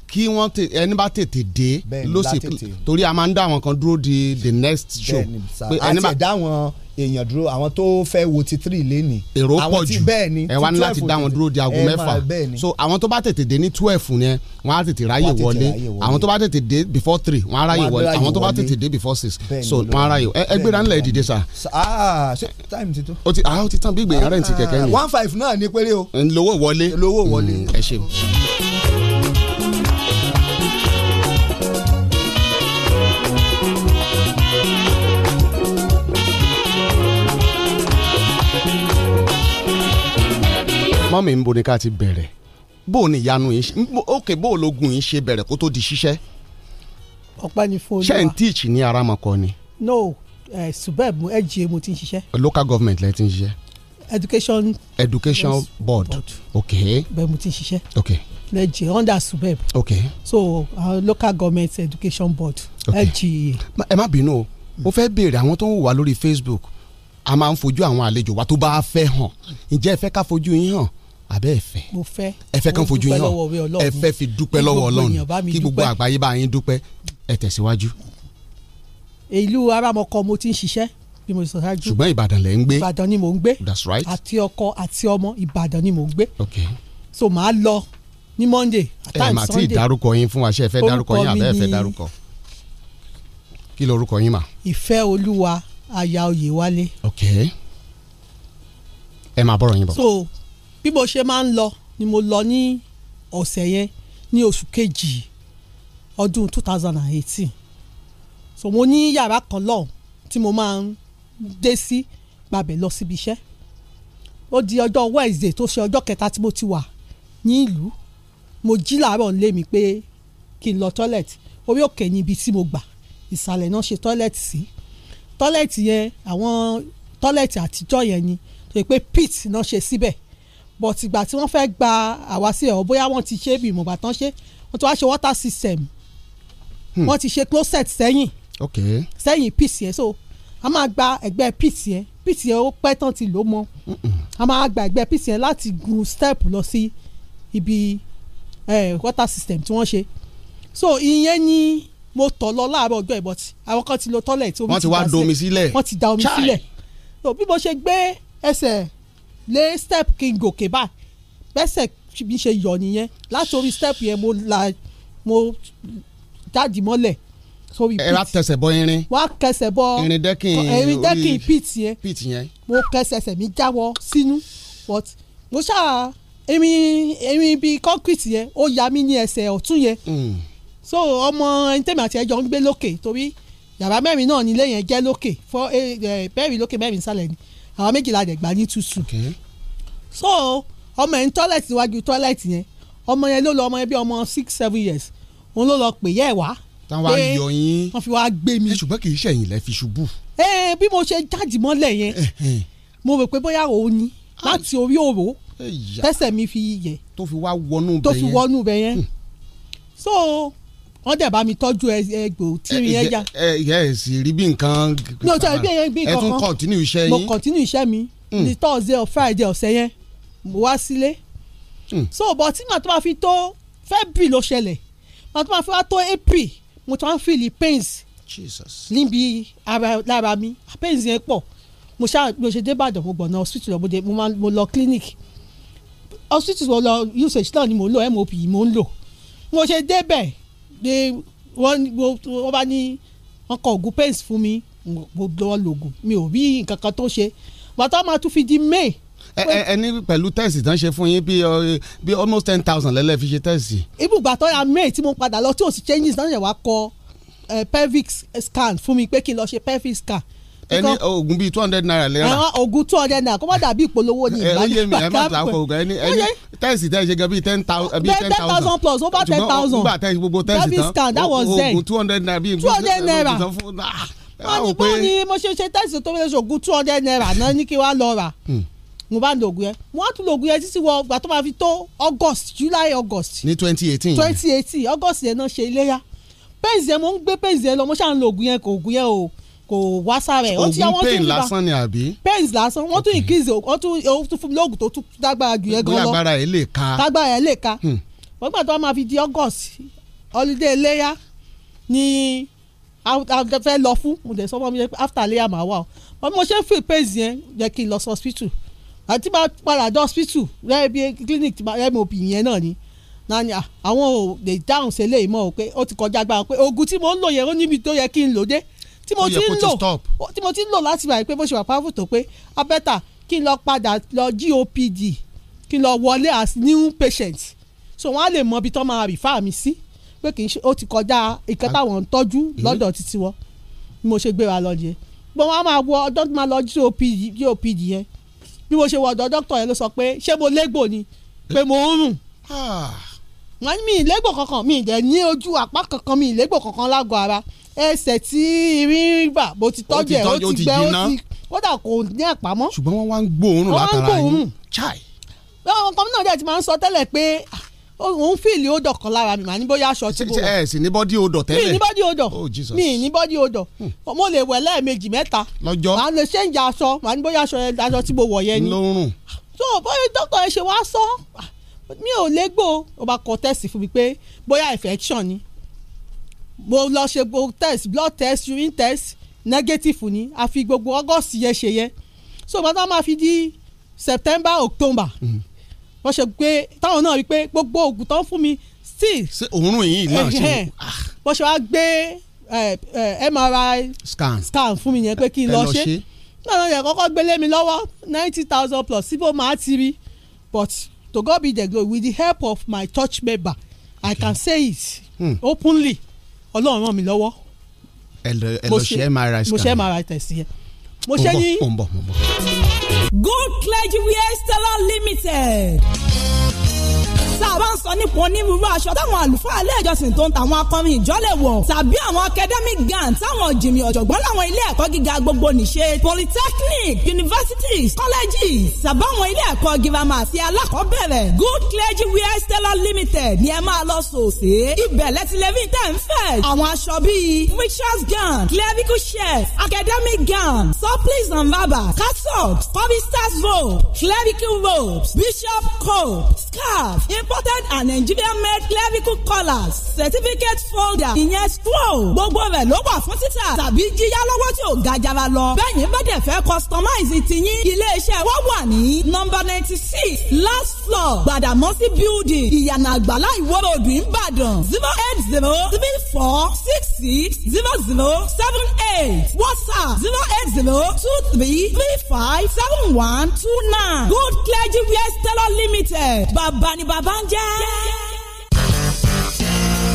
kí wọ́n ẹni bá tètè dé ló sì torí a máa ń dá àwọn kan dúró di the next show. àti ẹ̀dá àwọn èèyàn dúró àwọn tó fẹ́ wo ti three lẹ́nìí. èrò pọ̀ jù ẹ wá ní láti dá wọn dúró di aago mẹ́fà so àwọn tó bá tètè dé ní twelve yẹn wọ́n á tètè ráyè wọlé àwọn tó bá tètè dé before three wọ́n á ráyè wọlé àwọn tó bá tètè dé before six so wọ́n á ráyè ẹ gbéra ńlẹ̀ dìde sa. Ah, ṣé time ti tó. o ti ah o bí gbèyàn rẹ̀ ti kẹ̀kẹ́ yẹn. Ah, one five náà ní péré mọ́mí ń bo ni ká ti bẹ̀rẹ̀ bó ni ìyanu yìí ókè bó ológun yìí ṣe bẹ̀rẹ̀ kó tó di ṣiṣẹ́. ọ̀pẹ ni fún olúwa ṣé ń tíìch ní aramọ̀kọ ni. no uh, subeb lga mo ti ń ṣiṣẹ́. local government lẹ ti ń ṣiṣẹ́. education education board. board ok. bẹ́ẹ̀ mo ti ń ṣiṣẹ́. ok lga under subeb. ok so local government education board okay. lga. ẹ má bínú o mo fẹ́ béèrè àwọn tó ń wò lórí facebook a máa ń fojú àwọn àlejò wa tó bá fẹ́ hàn ǹjẹ́ ẹ fẹ́ ká fojú yín hàn abẹ́ ẹ̀fẹ́ mo fẹ́ ẹ̀fẹ́ kan fojú yín hàn ẹ̀fẹ́ fi dúpẹ́ lọ́wọ́ ọlọ́run kí gbogbo àgbáyé bá yín dúpẹ́ ẹ tẹ̀síwájú. ìlú aramọkọ mo ti ń ṣiṣẹ́ bí mo sọ ṣáájú ṣùgbọ́n ìbàdàn lẹ̀ ń gbé ìbàdàn ni mò ń gbé that's right àti ọkọ àti ọmọ ìbàdàn ni mò ń gbé okay so màá lọ ní monday àti sunday ẹ mà tí ì dárúkọ yín fún wa ṣé ẹ fẹ́ dárúkọ yín àbẹ́ ẹ fẹ́ dárúkọ kí lorúkọ yín mà. ìfẹ́ olúwa aya oyèwálé. okay ẹ máa bọ̀rọ̀ yín bọ̀. so bí mo ṣe máa ń lọ ni mo lọ ní ọ̀sẹ̀ yẹn ní oṣù kejì ọdún two thousand and eighteen so mo ní yàrá kan lọ́hùn tí mo máa ń dé sí gbàbẹ̀ lọ síbi iṣẹ́ ó di ọjọ́ Wednesday tó ṣe ọjọ́ kẹta tí mo ti wà ní ìlú mo jí làárọ̀ nílé mi pé kí n lọ tọ́lẹ̀tì orí òkè ni ibi tí mo gbà ìsàlẹ̀ náà ṣe tọ́lẹ̀tì sí tọ́lẹ̀tì yẹn àwọn tọ́lẹ̀tì àtijọ́ yẹn ni tó yẹ pé pit náà ṣe síbẹ̀ but ìgbà tí wọ́n fẹ́ gba àwa sí ẹ̀họ́ bóyá wọ́n ti ṣe bí ìmọ̀gbà tán ṣe wọ́n ti wá ṣe water system hmm. wọ́n ti ṣe closet sẹ́yìn sẹ́yìn pìsì ẹ̀ so a máa gba ẹ̀gbẹ́ pìsì ẹ̀ pìsì ẹ̀ ó pẹ́ tán ti lò mọ́ a máa gba ẹ̀gbẹ́ pìsì ẹ̀ láti gun step lọ sí ibi eh, water system tí wọ́n ṣe so ìyẹn ni mo tọ̀ lọ láàárọ̀ ọjọ́ ìbọn tí àwọn kan ti lo toilet omi ti dà sílẹ̀ wọ́n ti wá domi sílẹ̀ wọ́n ti da omi sílẹ̀ so bí mo ṣe gbé ẹsẹ̀ lé step kí n gòkè báyìí bẹ́sẹ̀ mi ṣe yọ nìyẹn látòrí step yẹn mo la mo jáde mọ́lẹ̀ sórí pit. ẹ wá tẹsẹ̀ bọ irin. wá kẹsẹ̀ bọ irin dẹ́kìn irin pit yẹn pit yẹn. mo kẹsẹ̀sẹ̀ mi jáwọ́ sínú but mo ṣáà irin irin bíi concrete yẹn ó ya mí ní ẹsẹ̀ ọ̀tún yẹn. Hmm. so ọmọ ẹni tèmi àti ẹjọ́ ń gbé lókè torí yàrá mẹ́rin náà nílé yẹn jẹ́ lókè fọ́ mẹ́rin eh, eh, lókè mẹ́rin sálẹ̀ ni àwọn méjìlá dẹ̀ gbà ní tútù so ọmọ yẹn tọ́lẹ̀tì wájú tọ́lẹ̀tì yẹn ọmọ yẹn ló lọ ọmọ yẹn bí ọmọ six seven years òun ló lọ pè yẹ ẹ wá táwọn ayọ yín wọ́n fi wá gbé mi. ẹ ṣùgbọ́n kì í ṣẹ̀yìn lẹ́ fi ṣubú. ẹ bí mo ṣe jáde mọ́lẹ̀ yẹn mo rò pé bóyá òun ni ah. láti orí òró tẹ́sẹ̀ mi fi yẹ. tó fi wá wọnú bẹ yẹn. tó fi wọnú bẹ yẹn. Hmm. so wọ́n dẹ̀ bá mi tọ́jú ẹgbò tírin ẹja. ẹ ẹ ẹ sì rí bí nǹkan. mi ò tọ́ ẹ bí ẹ bí nǹkan ẹ tún kọ̀tínú iṣẹ́ yín. mo kọ̀tínú iṣẹ́ mi hmm. ní thursday or friday ọ̀sẹ̀ yẹn mo wá sílé. Hmm. so bọ̀ tí màá tó máa fi tó february ló ṣẹlẹ̀ màá tó máa fi wá tó april mo tó máa ń feel pains níbi lára mi pains yẹn pọ̀ mo ṣá mo ṣe dé Ìbàdàn mo gbọ̀nà hospital lọ mo lọ clinic hospital mo lọ usage náà ni mo lò mop mo ń lò mo ṣe débẹ̀ gbé wọ́n bá ní wọ́n kọ oògùn pains fún mi gbogbo lògùn mi ò rí nǹkan kan tó ṣe bàtà máa tún fi di may. ẹ ní pẹ̀lú tẹ́sì tán ṣe fún yín bí bí almost ten thousand lẹ́lẹ́ fi ṣe tẹ́sì. ibùgbà tó ya may tí mo padà lọ tí ò sì changes náà yẹ wá kọ pelvic scan fún mi pé kí n lọ ṣe pelvic scan ẹni oògùn bíi two hundred naira lẹ́ra. oògùn two hundred naira kó má dàbí ìpolówó ni ìgbà yìí bá ká pẹ́. ẹni ẹni tẹ́sì tẹ́sì gan bíi ten eh, thousand. ten thousand plus over ten thousand. nígbà tẹ́sì gbogbo tẹ́sì tán oògùn two hundred naira bíi. two hundred naira wọ́n ní bọ́ọ̀ ni mo ṣe ṣe tẹ́sì tó fẹ́ ṣògùn two hundred naira náà ní kí wàá lọ rà hmm. mo bá ń lo oògùn yẹn mo wá tún lo oògùn yẹn títí wọ ìgbà tó máa fi tó august july august. ní twenty eighteen twenty eighteen august yẹn náà ṣe iléyà pẹ́ǹsì mo ń gbé pẹ́ǹsì yẹn lọ mo ṣáà yẹn kò oògùn yẹn o kò wá sára ẹ̀. oògùn pain lásán ni àbí. pains lásán wọ́n tún increase wọ́n tún fún mi lóògùn tó tún dágbára jù yẹn gan lọ. gbàgbára ẹ̀ lè ka. gbàgbára ẹ̀ lè ka. Hmm. wọ́n gbà tó wọ́n máa fi di august holiday léyà ni a fẹ́ lọ fún mo dẹ̀ sọ fún mi after layer máa wà o wọ́n mo ṣe ń feel pains yẹn yẹ kí n lọ sí hospital àti bá padà dé hospital rẹ́ bí clinic mop yẹn náà ni nani àwọn ò lè dáhùn sí eléyìí mọ́ o pé ó ti kọjá gbára pé oògùn tí mo ń lò yẹn ó níbi tó yẹ kí n lò dé tí mo ti ń lò tí mo ti ń lò láti wà pé bó ṣe wà powerful tó pé abẹ́ta kí n lọ padà lọ GOPD kí n lọ wọlé as new patient so wọ́n á lè mọ ibi tó máa rìfá mi sí pé kì í ṣe ó ti kọjá ìkan táwọn ń tọ́jú lọ́dọ̀ títí wọ́n bí mo ṣe gbé wa lọ yẹ pé wọ́n á máa wọ ọdọ́ tó máa lọ GOPD GOPD yẹn bí mo ṣe wọ ọ̀dọ̀ dókítà yẹn ló sọ pé ṣé mo légbò ni pé mo ń rùn ah. wọ́n mi ìlégbò kankan mi ìdẹ̀ ní ojú àpá kankan mi ìlégbò kankan lágọ̀ọ́ ara ẹsẹ̀ tí irin gbà mo ti tọ́jú ẹ̀ ó ti gbẹ ó ti kódà kò ní àpamọ́. ṣùgbọ́n wọ́n wá ń gbóòórùn látara yín chai. ọmọ kan náà dẹ̀ ti máa ń sọ tẹ́lẹ̀ pé ah, òun fìlì odò kan lára mi màá ní bóyá aṣọ tí mo wà. ẹ sì ní bọ́dí odò tẹ́lẹ̀ mi ní bọ́dí odò mi ní bọ́dí odò oh, hmm. mo lè wẹ̀ lẹ́ẹ̀mejì mẹ́ta lọ́jọ́ màá lè ṣéǹjì aṣọ màá ní bóyá aṣọ tí mo wọ̀ yẹn ni. lórùn. tó o bóyá dókítà ẹ ṣe wá sọ ah, mi ò lè gbó o bá kọ tẹ́sì fún mi pé bóyá infection ni mo lọ ṣe gbogbo test blood test urine test negative ni a fi gbogbo august yẹn ṣe yẹn so bàtà máa fi di september october hmm. wọ́n ṣe pé táwọn náà rí pé gbogbo oògùn tó ń fún mi still. ṣé òórùn yìí náà ṣe. bó ah. ṣe wá gbé eh, eh, mri scan scan fún mi yẹn pé kí n lọ ṣe náà lọ́yẹ̀ kọ́kọ́ gbélé mi lọ́wọ́ ninety thousand plus síbò máa ti rí but to God be the glory with the help of my church member I can say it hmm. openly ọlọ́run ràn mí lọ́wọ́. ẹ lọ mri scan mo ṣe mri test yẹn mo ṣe ní. mo ń bọ̀ mo ń Limited tá a bá ń sọ nípa onírúurú aṣọ táwọn àlùfáà ilé tó ń tàwọn akọrin ìjọ wọ̀ tàbí àwọn academic gown táwọn jìmì ọ̀jọ̀gbọ́n láwọn ilé ẹ̀kọ́ gíga gbogbo nìṣe polytechnic universities colleges tàbáwọn ilé ẹ̀kọ́ girama àti alákọ̀ọ́bẹ̀rẹ̀ good clergy wear stellar limited ni ẹ máa lọ sòsè ibẹ̀ lẹ́tìlẹ́bí tẹ̀ ń fẹ́ àwọn aṣọ bíi preachers gown clerical shirt academic gown surplice and rubber cassock choristers robe clerical robes bishop coat scarf impo imported and Nigerian made clerical collars certificate folder ìyẹn scroll gbogbo rẹ̀ ló wà fún títà tàbí jíyá lọ́wọ́ tí ò ga jara lọ bẹ́ẹ̀ yín bá dẹ̀ fẹ́ customize tiyín iléeṣẹ́ wa wà ní number ninety six last floor Gbàdàmọ́sí building ìyànà àgbàlá ìwọ́rọ̀ òdù Ìbàdàn zero eight zero three four six six zero zero seven eight WhatsApp zero eight zero two three three five seven one two nine Good Clergy Wear Stellar Limited bàbá ni bàbá ń Yeah. yeah.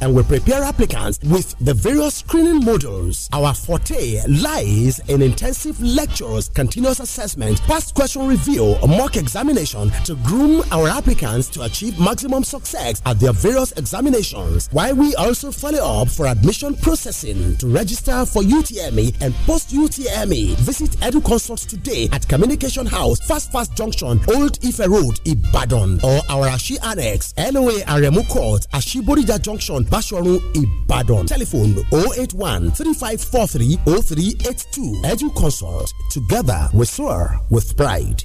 and we prepare applicants with the various screening modules. Our forte lies in intensive lectures, continuous assessment, past question review, mock examination to groom our applicants to achieve maximum success at their various examinations. While we also follow up for admission processing to register for UTME and post UTME, visit EduConsult today at Communication House, Fast Fast Junction, Old Ife Road, Ibadan, or our Ashi Annex, LOA Aremu Court, Ashibodija Junction junction Bashorun Ibadan. Telephone 081 3543 0382. Edu Consult. Together we soar with pride.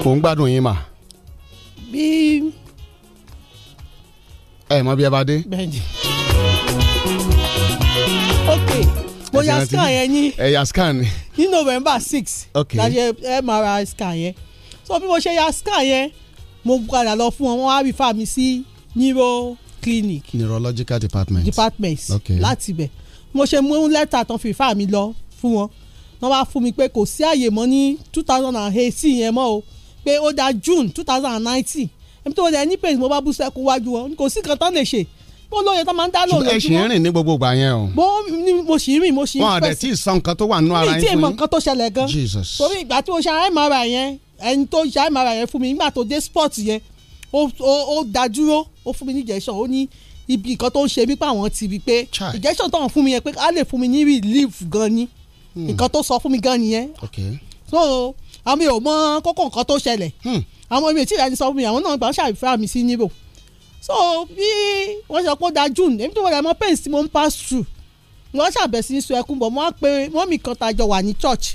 mo gbádùn yín mà. bí. ẹ mọ bí ẹ bá dé. bẹ́ẹ̀ni ok mo ya scan yẹn ní. ẹ ya scan. ní november six. ok lajẹ ẹ máa ra scan yẹn so bí mo ṣe ya scan yẹn mo padà lọ fún wọn wọn á refer mi sí neuro clinic. neurological department. department okay. láti ibẹ̀ mo ṣe mú lẹ́tà tán fi refer mi lọ fún wọn wọ́n wá fún mi pé kò sí àyè mọ́ ní two thousand and eighteen yẹn mọ́ o pé ó da June two thousand and nineteen ẹbí tó wọlé ní pèsè mo bá bú sẹ́kù wájú wọn kò sí kan tán lè ṣe kó lóye tán máa ń dá lóòrùn lójúmọ́. ẹ ṣì ń rìn ní gbogbo ìgbà yẹn o. mo ni mo ṣì ń rìn mo ṣì ń pèsè. wọn àdẹ tí ì sọ nǹkan tó wà nínú ara yín fún mi. mi tí ì mọ nǹkan tó ṣẹlẹ̀ gan. Jesus. torí ìgbà tí mo ṣe àìmọ̀ra yẹn ẹni tó ṣe àìmọ̀ra yẹn fún mi nígbà tó dé sport yẹn ó dá dúró ó fún mi ní injection ó ní ibi nǹkan tó ń ṣe mí pé àwọn ti bi pé injection tó ń fún mi yẹn pé á lè fún mi ní relief gan ni hmm. nǹkan tó sọ fún mi gan nìyẹn àmì ò mọ kókó nǹkan tó ṣẹlẹ̀ hmm. àwọn èmi tí ìyáni sọ fún mi àwọn náà gbà ń ṣàfihàn mi sí níbò so bí wọ́n sọ pé ó da june èmi tó wọlé àmọ́ pain tí mo ń pass through wọ́n ṣàbẹ̀ sí sọ ẹkún bọ̀ wọ́n á pe mọ́mì kan tajọ wà ní church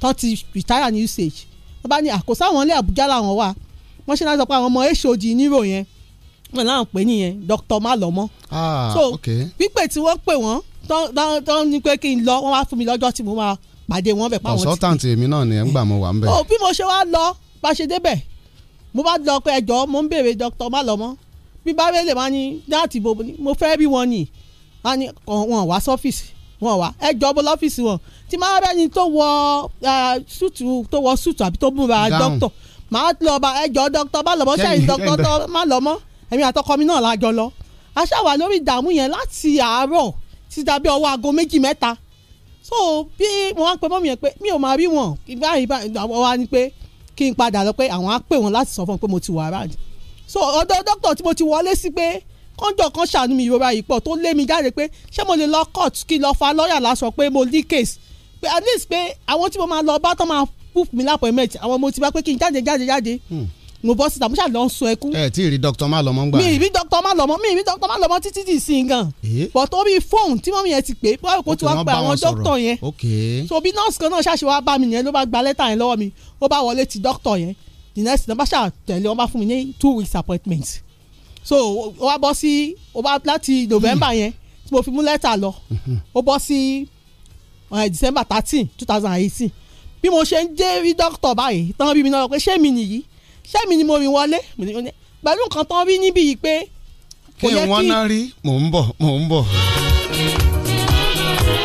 tó ti retire ní usage wọ́n bá ní àkóso àwọn ilé àbújá làwọn wà wọ́n ṣe láti sọ pé àwọn ọmọ hod nírò yẹn wọn náà pè nìyẹn dr malọmọ ah, so pípè tí wọ́n pè wọ́n tán ní pé kí n lọ wọ́n wá fún mi lọ́jọ́ tí mo máa pàdé wọn bẹ̀ pa àwọn tí. consultant èmi náà ni ẹ̀ ń gbà mo wà ń bẹ̀. o oh, bí mo ṣe wá lọ bá ṣe débẹ̀ mo bá lọ pé ẹjọ́ mo ń béèrè dr malọmọ bí bábélé máa ní dáàtì bo mo fẹ́ rí wọn ni wọn wá sọ́fíìsì wọn wá ẹjọ́ bó lọ́fíìsì wọn tí máa rẹ́ni tó wọ súùtù tó wọ súùtù àbí tó múra dókítọ̀ máa lọ bá ẹjọ́ dr malọmọ sẹ́yìn dr malọmọ èmi àtọkọ mi náà lájọ lọ aṣáwá lórí ìdààmú yẹn láti àárọ̀ ti dàbí ọwọ́ aago méjì mẹ́ta so bí wọ́n wá ń pe mọ́mí yẹn pé mi ò máa rí wọn báyìí báyìí àwọn wa ni pé kí n padà lọ pé àwọn á pè wọ́n láti sọ fún mi pé mo ti wà around so ọ̀dọ̀ dókítà tí mo ti wọlé sí pé kọ́ńjọ̀ kan ṣàánú mi ìrora yìí pọ̀ tó lé mi jáde pé ṣé mo lè lọ court kí lọ fa lọ́ọ̀yà lásán pé mo ní case pé at least pé àwọn tí mo máa lọ bá tán máa proof mi lápò ẹ̀mẹ́tì àwọn mo ti bá pé kí n jáde jáde jáde. Hmm mo bọ́ síta mo ṣáà lọ sun ẹkún. ẹ tí ì rí dr malọmọ gbà. mi ì rí dr malọmọ mi ì rí dr malọmọ titi, di sin gan. bọ̀ tó bí fóònù tí mọ́mí yẹn ti pè é kó tí wọ́n pe àwọn dókítà yẹn. so bí nọ́ọ̀sì kan náà ṣàṣe wá bá mi yẹn ló bá gba lẹ́tà yẹn lọ́wọ́ mi ó bá wọlé ti dókítà yẹn the next number ṣáà tẹ̀lé wọ́n bá fún mi ní two weeks appointment. so ó wá bọ́ sí ó bá láti november yẹn tí mo fi mú lẹ́tà lọ ó bọ́ sí eh, december thirteen two thousand and eighteen bí mo ṣe ń dé rí dókítà báyìí tán bí mi náà pé ṣé mi nìyí sẹ́mi ni mo rìn wọlé pẹ̀lú nǹkan tán rí níbí yìí pé kí. kí wọ́n náà rí mò ń bọ̀ mò ń bọ̀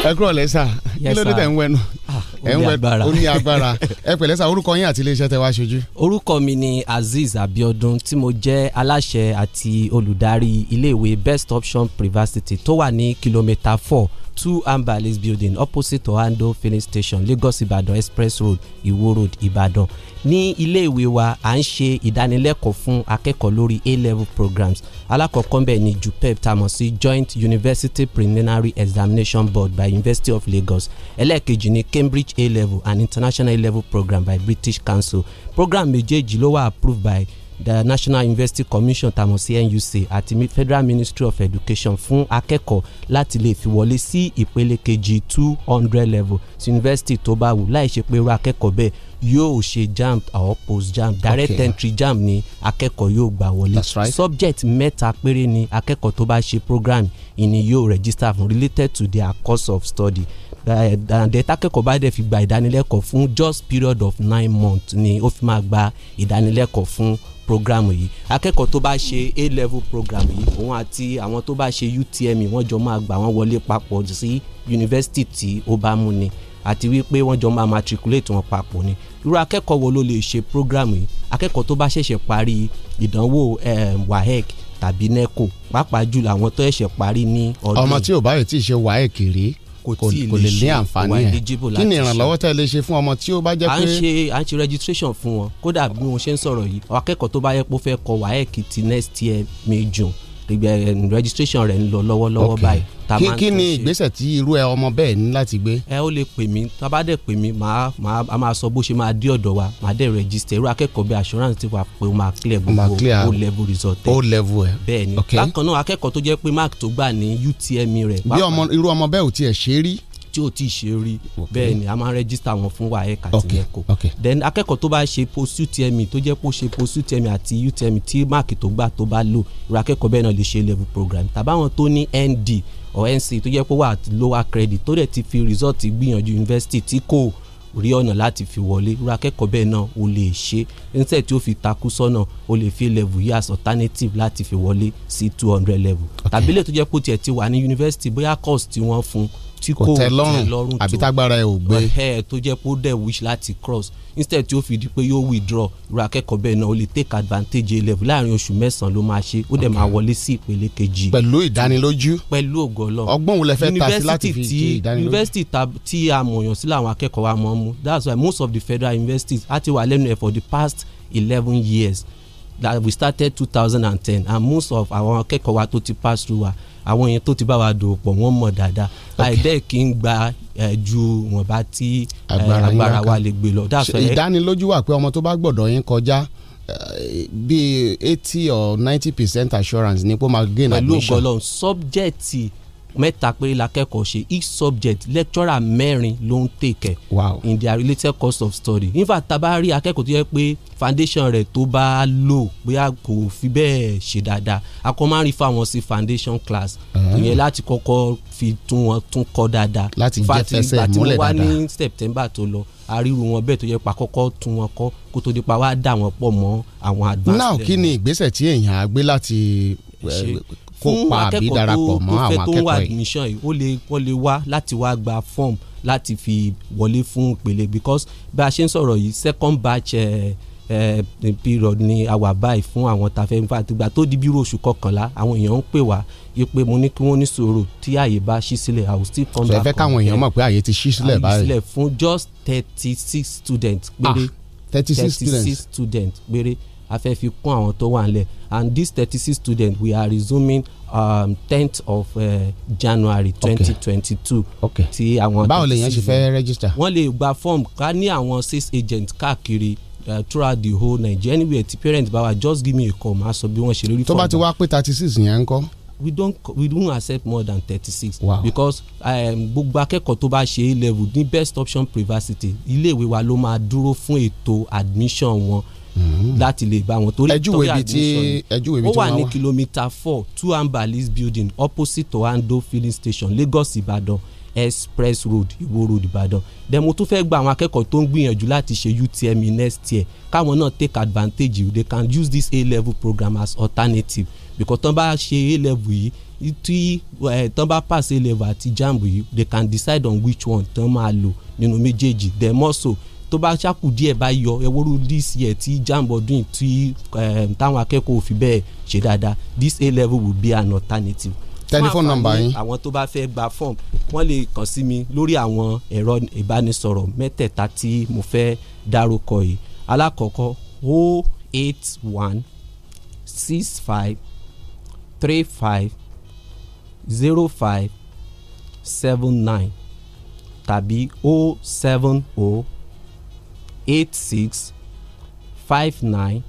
ẹ kúrò lẹ́sà kí ló dé tẹ̀ ń wẹnu ah, ẹ ń ní agbára ẹ pẹ̀lẹ́ sà orúkọ yín àti iléeṣẹ́ tẹ wá ṣojú. orúkọ mi ni Azeez Abiodun tí mo jẹ́ aláṣẹ àti olùdarí iléèwé Best Option Private City tó wà ní kìlómítà four two ambalis building opposite ohando filling station lagos ibadan express road iwo road ibadan ní ilé ìwé wa à ń ṣe ìdánilẹ́kọ̀ọ́ fún akẹ́kọ̀ọ́ lórí a-level programs alákọ̀ọ́kọ́ ń bẹ̀ ni jupep tá sí joint university preliminary examination board by university of lagos ẹlẹ́ẹ̀kejì ni cambridge a-level and international a-level program by british council program méjèèjì ló wà approved by the National University Commission tàmọ̀ sí NUC àti Federal Ministry of Education fún akẹ́kọ̀ọ́ láti lè fi wọlé sí ìpele kejì two hundred level sí yunifásitì tó bá wù láì ṣe pé irú akẹ́kọ̀ọ́ bẹ́ẹ̀ yóò ṣe jamb or post jamb direct okay. entry jamb ni akẹ́kọ̀ọ́ yóò gbà wọlé That's right. subject mẹ́ta péré ni akẹ́kọ̀ọ́ tó bá ṣe program ìní yóò register fún related to their course of study dàdẹ takẹ́kọ̀ọ́ bá dẹ̀ fi gba ìdánilẹ́kọ̀ọ́ fún just period of nine months ni ó fi máa gba ìdánilẹ́kọ̀ọ́ fún program yìí akẹ́kọ̀ọ́ tó bá ṣe a level program yìí òun àti àwọn tó bá ṣe UTME wọ́n jọ máa gbà wọ́n wọlé papọ̀ sí yunifásitì tí ó bá mú ni àti wípé wọ́n jọ máa matriculate wọn papọ̀ ni irú akẹ́kọ̀ọ́ wo ló lè ṣe program yìí akẹ́kọ̀ọ́ tó bá ṣẹ̀ṣẹ̀ parí ìdánwò ehm, WAEC tàbí NECO pàápàá jùlọ àwọn tó ṣẹ̀ṣẹ̀ parí ní ọdún. ọmọ tí ò bá rẹ̀ tí ì ṣe WAEC rèé kò lè lé àǹfààní ẹ̀ kí ni ìrànlọ́wọ́ tẹ́ lè ṣe fún ọmọ tí ó bá jẹ́ pé. à ń ṣe registration fún wọn kódà bí wọn ṣe ń sọ̀rọ̀ yìí akẹ́kọ̀ọ́ tó bá yẹ kó fẹ́ kọ WAEC ti next year May June registration rẹ̀ ń lọ lọ́wọ́lọ́wọ́ báyìí. kí kí ni ìgbésẹ̀ tí irú ẹ ọmọ bẹ́ẹ̀ ní láti gbé. ẹ ó lè pè mí tá pè mí màá màá a máa sọ bó ṣe máa dé ọ̀dọ̀ wa màá dẹ̀ register irú akẹ́kọ̀ọ́ bí assurance ti wà pé ó máa clear gbogbo o level result ẹ. o level ẹ bẹ́ẹ̀ ni bákan náà akẹ́kọ̀ọ́ tó jẹ́ pé mark tó gbà ní UTME rẹ̀. bí ọmọ irú ọmọ bẹ́ẹ̀ ò tiẹ̀ ṣe rí tí ò tí ì ṣe rí bẹ́ẹ̀ ni a máa rẹ́gísítà wọn fún WAEC àti NECO then akẹ́kọ̀ọ́ tó bá ṣe post UTME tó jẹ́ pé ó ṣe post UTME àti UTME tí máàkì tó gbà tó bá lò irú akẹ́kọ̀ọ́ bẹ́ẹ̀ náà lè ṣe level program tàbáwọn tó ní ND or NC tó jẹ́ pé wà á lower credit tó dẹ̀ ti fi result gbìyànjú university tí kò rí ọ̀nà láti fi wọlé irú akẹ́kọ̀ọ́ bẹ́ẹ̀ náà o lè ṣe instead tí o fi takú sọ́nà o lè fi level yìí as alternative láti fi wọlé sí two hundred level tàbí lè tó jẹ́ pé o tiẹ̀ ti wà ní yunifásitì bóyá course tí wọ́n fún tí kò tẹ́ lọ́rùn àbí tágbára ẹ̀ ò gbé. ẹ tó jẹ́ pé dẹ̀ wish láti cross instead tí ó fi di pé yóò withdraw irú akẹ́kọ̀ọ́ bẹ́ẹ̀ náà ó lè take advantage a level láàrin oṣù mẹ́sàn-án ló máa ṣe ó dẹ̀ máa wọlé sí ìpele kejì. pẹ̀lú ìdánilójú pẹ̀lú ògo ọgbọ́n wo lẹ fẹ́ ta sí láti fi ṣe ìdánilójú. yunifásitì tí a mọ̀yàn sí làwọn akẹ́kọ̀ọ́ wa mọ̀ mú that's why most of the federal universities á ti wà lẹ́nu ẹ̀ for the past eleven years that we started two thousand and ten and most of our akẹ́kọ̀ọ́ wa tó ti pass through wa àwọn yẹn tó ti bá wa dòwò pọ̀ wọ́n mọ̀ dáadáa àìdẹ́ kì í gba ju wọn bá tí agbára wa lè gbé lọ. ìdánilójú wà pé ọmọ tó bá gbọ́dọ̀ yín kọjá bíi eighty or ninety percent assurance ni pé ó máa gain admission. pẹ̀lú ògbọ́lọ́ subject mẹ́ta péré la kẹ́kọ̀ọ́ ṣe each subject lecturer mẹ́rin ló ń tèkẹ́ wow. in their related course of study in fact tá a bá rí akẹ́kọ̀ọ́ tó yẹ pé foundation rẹ̀ tó bá lò bóyá kò fi bẹ́ẹ̀ ṣe dáadáa a kọ́ máa ń rí fáwọn sí foundation class ah. ìyẹn láti kọ́kọ́ fi tún wọn tún kọ́ dáadáa láti jẹ́ fẹsẹ̀ múlẹ̀ dáadáa fati ìgbà tí wọ́n wá ní september tó lọ ariwo wọn bẹ́ẹ̀ tó yẹ pa kọ́kọ́ tún wọn kọ́ kó tó di pa wá dà wọn pọ̀ mọ́ àwọn advanced. now kí ni ìgbésẹ̀ tí èèyàn á gbé láti kópa àbí darapọ̀ mọ́ àwọn akẹ́kọ̀ọ́ yìí. fún akẹ́kọ̀ọ́ tó fẹ́ tó ń wá admission yìí ó lè wọ́n lè wá láti wá gba form láti fi wọlé fún ìpele because bí a ṣe ń sọ̀rọ̀ yìí second batch eh, eh, period ni a wà báyìí fún àwọn tafẹ́ nípa àtìgbà tó di bírò oṣù kọkànlá àwọn èèyàn ń pè wá yí pé mo ní kí wọ́n ní sòrò tí àyè bá ṣí sílẹ̀ i will still come back. sọ ẹ fẹ́ káwọn èèyàn mọ̀ pé àyè ti ṣí sílẹ̀ báyìí. àyè sílẹ̀ fún just thirty students ah thirty students a fẹ́ fi kún àwọn tó wà nílẹ̀ and these thirty six students we are resuming um, tenth of uh, January twenty twenty two ti àwọn. báwo lèèyàn ṣe fẹ́ register. wọ́n lè gba form ká ní àwọn six agents káàkiri uh, throughout the whole Nigeria anywhere ti parents bá wa just give me a call máa sọ bí wọ́n ṣe lórí form. tó bá ti wá pé thirty six yẹn ń kọ́ we don't we don't accept more than thirty six. wow because um, gbogbo akẹ́kọ̀ọ́ tó bá ṣe A level ní best option privacy iléèwé wa ló máa dúró fún ètò admission wọn Mm-hmm. láti lè bá wọn torí torí admission ó wà ní kìlómítà four two ambalis building opposite to ando filling station Lagos Ìbàdàn express road Ìwó road Ìbàdàn then mo tún fẹ́ gba àwọn akẹ́kọ̀ọ́ tó ń gbìyànjú láti ṣe UTME next year káwọn náà take advantage they can use this A-level program as alternative because tán bá ṣe A-level yìí tí tán bá pass A-level àti jamb yìí they can decide on which one tán máa lò nínú méjèèjì then more tó bá ṣàkù díẹ̀ bá yọ ẹ wóoru this tí jamb tí ehm, táwọn akẹ́kọ̀ọ́ fi bẹ́ẹ̀ ṣe dáadáa this A level will be an alternative tẹlifóònù nọ́mbà yín àwọn tó bá fẹ́ gba fọ́ọ̀mù wọ́n lè kàn sí mi lórí àwọn ẹ̀rọ ìbánisọ̀rọ̀ mẹ́tẹ̀ẹ̀ta tí mo fẹ́ dárúkọ yìí alákọ̀ọ́kọ́ o oh eight one six five three five zero five seven nine tàbí o oh seven o oh eight six five nine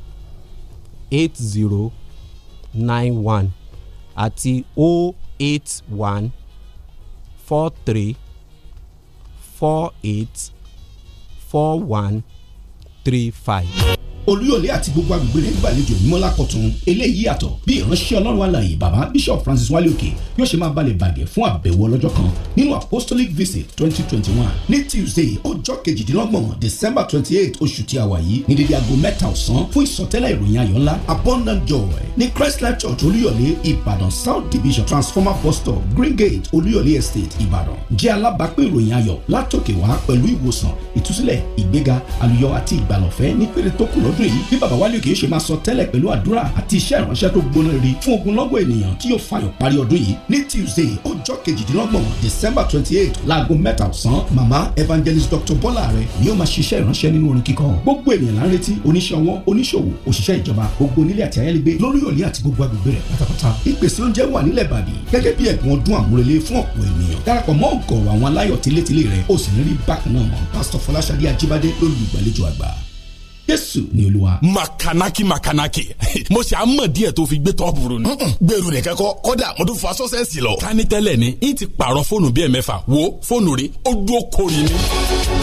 eight zero nine one àti o oh eight one four three four eight four one three five olúyọ̀lé àti gbogbo agbègbè rẹ̀ gbàlejò mímọ́lá kọ̀tún eléyìí yàtọ̀ bí ìránṣẹ́ ọlọ́run alààyè bàbá bishop francis wálé òkè yóò ṣe máa balẹ̀ bàgẹ́ fún àbẹ̀wò ọlọ́jọ́ kan nínú apostolic visit twenty twenty one ní tuesday ọjọ́ kejìdínlọ́gbọ̀n december twenty eight oṣù tí a wà yìí ní dédé aago mẹ́ta ọ̀sán fún ìsọtẹ́lẹ̀ ìròyìn ayọ̀ ńlá abundant joy ní christ life church olúyọ̀lé ìbàdàn south division transformer bus stop green gate olúyọ̀lé estate ìbàdàn jẹ́ alábàápé ìròyìn ayọ̀ látòkè wá pẹ̀lú ìwòsàn ìtúsílẹ̀ ìgbéga àlùyọ àti ìgbàlọ̀fẹ́ ní péré tó kù lọ́ lọ́dún yìí bí bàbá wálé òkè ṣe máa sọ tẹ́lẹ̀ pẹ̀lú àdúrà àti iṣẹ́ ìránṣẹ́ tó gbóná rí fún ogunlọ́gọ̀ ènìyàn tí yóò fayọ̀ parí ọdún yìí ní tuesday ọjọ́ kejìdínlọ́gbọ̀n december twenty eight láago mẹ́ta ọ̀sán mama evangelist dr bọ́lá rẹ̀ ni yóò máa ṣiṣẹ́ ìránṣẹ́ nínú orin kíkọ gbogbo ènìyàn láń retí oníṣẹ́ ọwọ́ oníṣòwò òṣìṣẹ́ ìjọba gbogbo onílé àti ayálégbé lórí òní àti gbogbo agbègbè rẹ̀ pátápátá ìpèsè oúnjẹ wà nílẹ̀ bàbí gẹ́gẹ́ bí ẹ̀bùn ọdún àmúrelé fún ọ̀pọ̀ ènìyàn darapọ̀ mọ́ ọ̀gọ̀ọ̀rọ̀ àwọn aláyọ̀ tilétilé rẹ̀ ó sì jésù ni olúwa. makanaki makanaki mo ṣe àmọ̀ díẹ̀ tó fi gbé tọ́pù rò ni. gbèrú nìkan kọ́ kọ́dà mo tún fọ aṣọ sẹ́ẹ̀sì lọ. kání tẹ́lẹ̀ ni n ti pààrọ̀ fóònù bíi ẹ̀mẹ́fà wo fóònù rí ó dúró ni.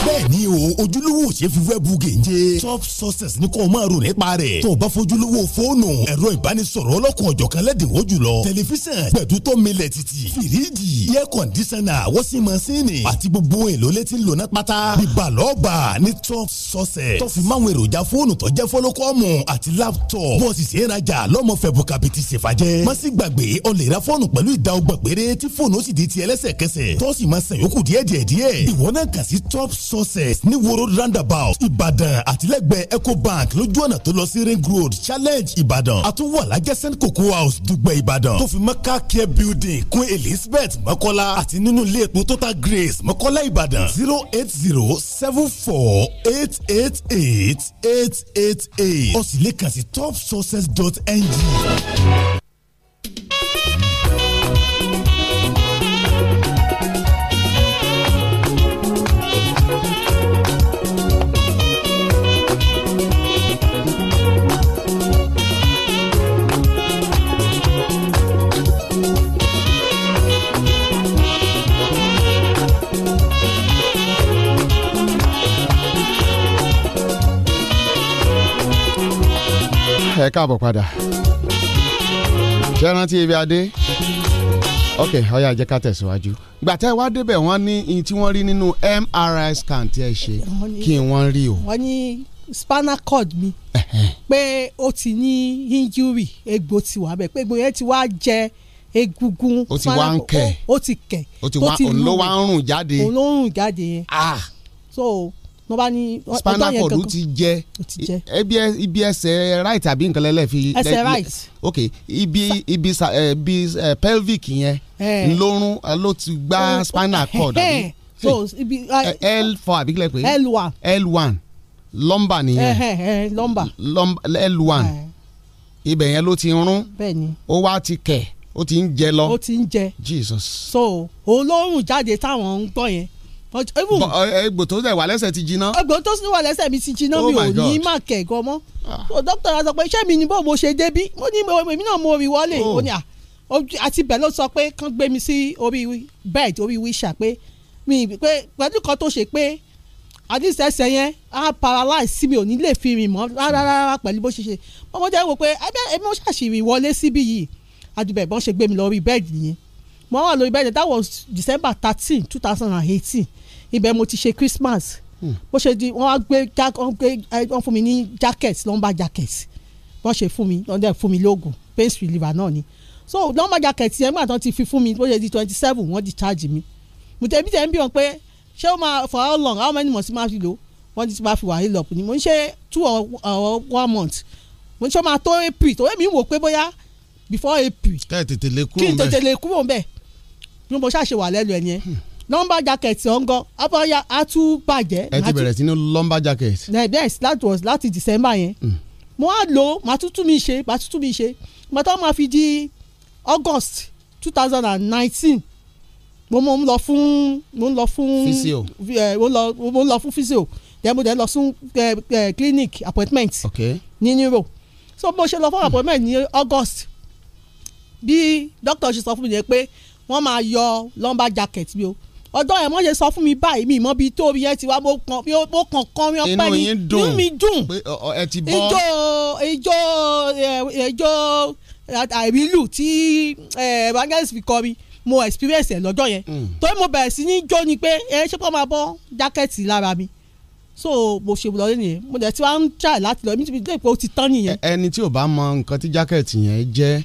bẹ́ẹ̀ni o ojúlówó ṣe fi wẹẹbù gèje. top success ni kò máa rò nípa rẹ̀. tó o bá fojúlówó fóònù ẹ̀rọ ìbánisọ̀rọ̀ ọlọ́kùn ọ̀jọ̀kan lẹ́dínwó jùlọ. tẹlifíṣàn gbẹdutọ milẹ titi firiji air conditioner wọ́sí masini àti gbogbo èlò létí lónà pátá. bíbalọ́ọ̀bà top success tó fi máwọn èròjà fóònù tó jẹ́ fọ́lọ́kọ́mù àti láptọ̀pù bọ́ọ̀sì sì ń rajà lọ́mọ fẹ̀bù kàbìtì ṣèfàjẹ́ má sì gbàgbé o lè ra fóònù pẹ̀lú ìdá ọgbà péré tí fóònù ó sì di ti ẹlẹ́sẹ̀kẹsẹ̀ tó sì máa ṣàn yòókù díẹ̀ díẹ̀ díẹ̀ ìwọ náà kà sí top sources ní woro roundabout ìbàdàn àtìlẹ́gbẹ̀ẹ́ ecobank lójú ọ̀nà tó lọ sí ring road challenge ìbàdàn àtúwọ̀ send cocoa house dùgbẹ̀ ìbàdàn tó fi mẹ́ka care building kún elizabeth mọ́kọ́lá àti nínú ilé epo total grace mọ́kọ́lá ìbàdàn zero eight zero seven four eight eight eight eight eight eight o sì sí topsources.ng. ẹ káàbọ̀ padà ṣe rántí ibi adé ok ọyà jẹ́ ká tẹ̀síwájú gbàtẹ́ wá débẹ̀ wọ́n ní ihun tí wọ́n rí nínú MRI scan tí ẹ ṣe kí wọ́n rí o. wọ́n ní spinal cord mi pé ó ti ní injury egbò ti wà bẹ́ẹ̀ pé egbò yẹn ti wá jẹ egungun ó ti wá ń kẹ̀ ó ti kẹ̀ ó ti wá òun ló wá ń rùn jáde òun ló ń rùn jáde yẹn ah. so wọ́n bá ní spinal cord ti jẹ ibi Ibi ẹsẹ̀ right àbí nǹkan lẹ́lẹ́ fi ẹsẹ̀ right ok ibi ibi ibi pelvic yẹn ńlọrun ló ti gbá spinal cord àbí so ibi ah, l four àbí kílẹ̀ pé l one l one lumbar nìyẹn lumbar l one ibẹ̀ yẹn ló ti rún ó wá ti kẹ̀ ó ti ń jẹ lọ ó ti ń jẹ jesus so òun ló ń jáde táwọn ń gbọ́ yẹn egbò eh, eh, tó wà lẹ́sẹ̀ ti jiná. egbò eh, tó wà lẹ́sẹ̀ mi ti jiná oh mi ò ní má kẹ̀kọ́ mọ́. Ah. dókítà wa sọ pé iṣẹ́ mi ni bó mo ṣe débí mo ní èmi náà mo rí wọlé oh. ó à àti bẹ́ẹ̀ ló sọ pé kán gbé mi sí orí bed orí wíṣà pé mi pé pẹ̀lú kan tó ṣe pé àdìsẹ́ ẹsẹ̀ yẹn á paralyze sí mi ò ní lè fi rìn mọ́ rárá pẹ̀lú bó ṣe ṣe mo jẹ́ wò pé ẹbí mo ṣàṣìrì wọlé síbí yìí àdùbẹ̀ bọ́n ṣe gbé mi lọ orí bẹ́ẹ̀dì yẹn mo wà lórí bẹ́ẹ̀dì that was December thirteen two thousand and eighteen ibẹ̀ mo ti ṣe Christmas hmm. bó ṣe di wọ́n á gbé wọ́n fún mi ní jacket lumber jacket wọ́n ṣe fún mi wọ́n dẹ̀ fún mi lóògùn pain reliever náà ni so lumber jacket yẹn gbà tán ti fi fún mi bó ṣe di twenty seven wọ́n discharge mi mo tẹ̀ bí tẹ̀ ń bí wọn pé ṣé ó máa for how long how many months máa fi lò wọ́n ti máa fi wà hílọ̀ ni mo ń ṣe two or one month mo ń ṣe máa tó april tó èmi ń wò pé bóyá before april kí n tètè lè kúrò ń bẹ̀ bí mo ṣàṣe wà lẹ́lu ẹ̀ yẹn nọmba jacket ọ̀ngọ́ abọ́yá a tún bàjẹ́. ẹ ti bẹ̀rẹ̀ sí ní lọ́mbà jacket. yes that was láti december yẹn. Hmm. mo á lò màá tuntun mi ṣe màá tuntun mi ṣe màtá máa fi di august two thousand and nineteen mo mo ń lọ fún mo ń lọ fún physio eh, mo ń lọ fún physio then mo dẹ̀ lọ sún eh, eh, clinic appointment ní neuro so mo ṣe lọ fún hmm. appointment ní august bí doctor ṣe sọ fún mi yẹn pé wọ́n máa yọ lumbar jacket mi o ọjọ́ ẹ̀ mọ́ṣe sọ fún mi báyìí mi ìmọ̀ bíi tó omi yẹn ti wá mo kàn mo kàn kàn mi ọpẹ́ ni inú mi dùn ijó ijó ijó àìrílù tí evangelist fi kọ mi mo experience ẹ lọ́jọ́ yẹn hmm. torí mo bẹ̀rẹ̀ sí ní jó ni pé ẹ ṣé kó máa bọ́ jákẹ́ẹ̀tì lára mi so mo ṣe lọlé nìyẹn mo dẹ̀ ti wá ń try láti lọ mi ti fi dé pé ó ti tán nìyẹn. ẹni tí ò bá mọ nǹkan tí jákẹ́ẹ̀tì yẹn jẹ́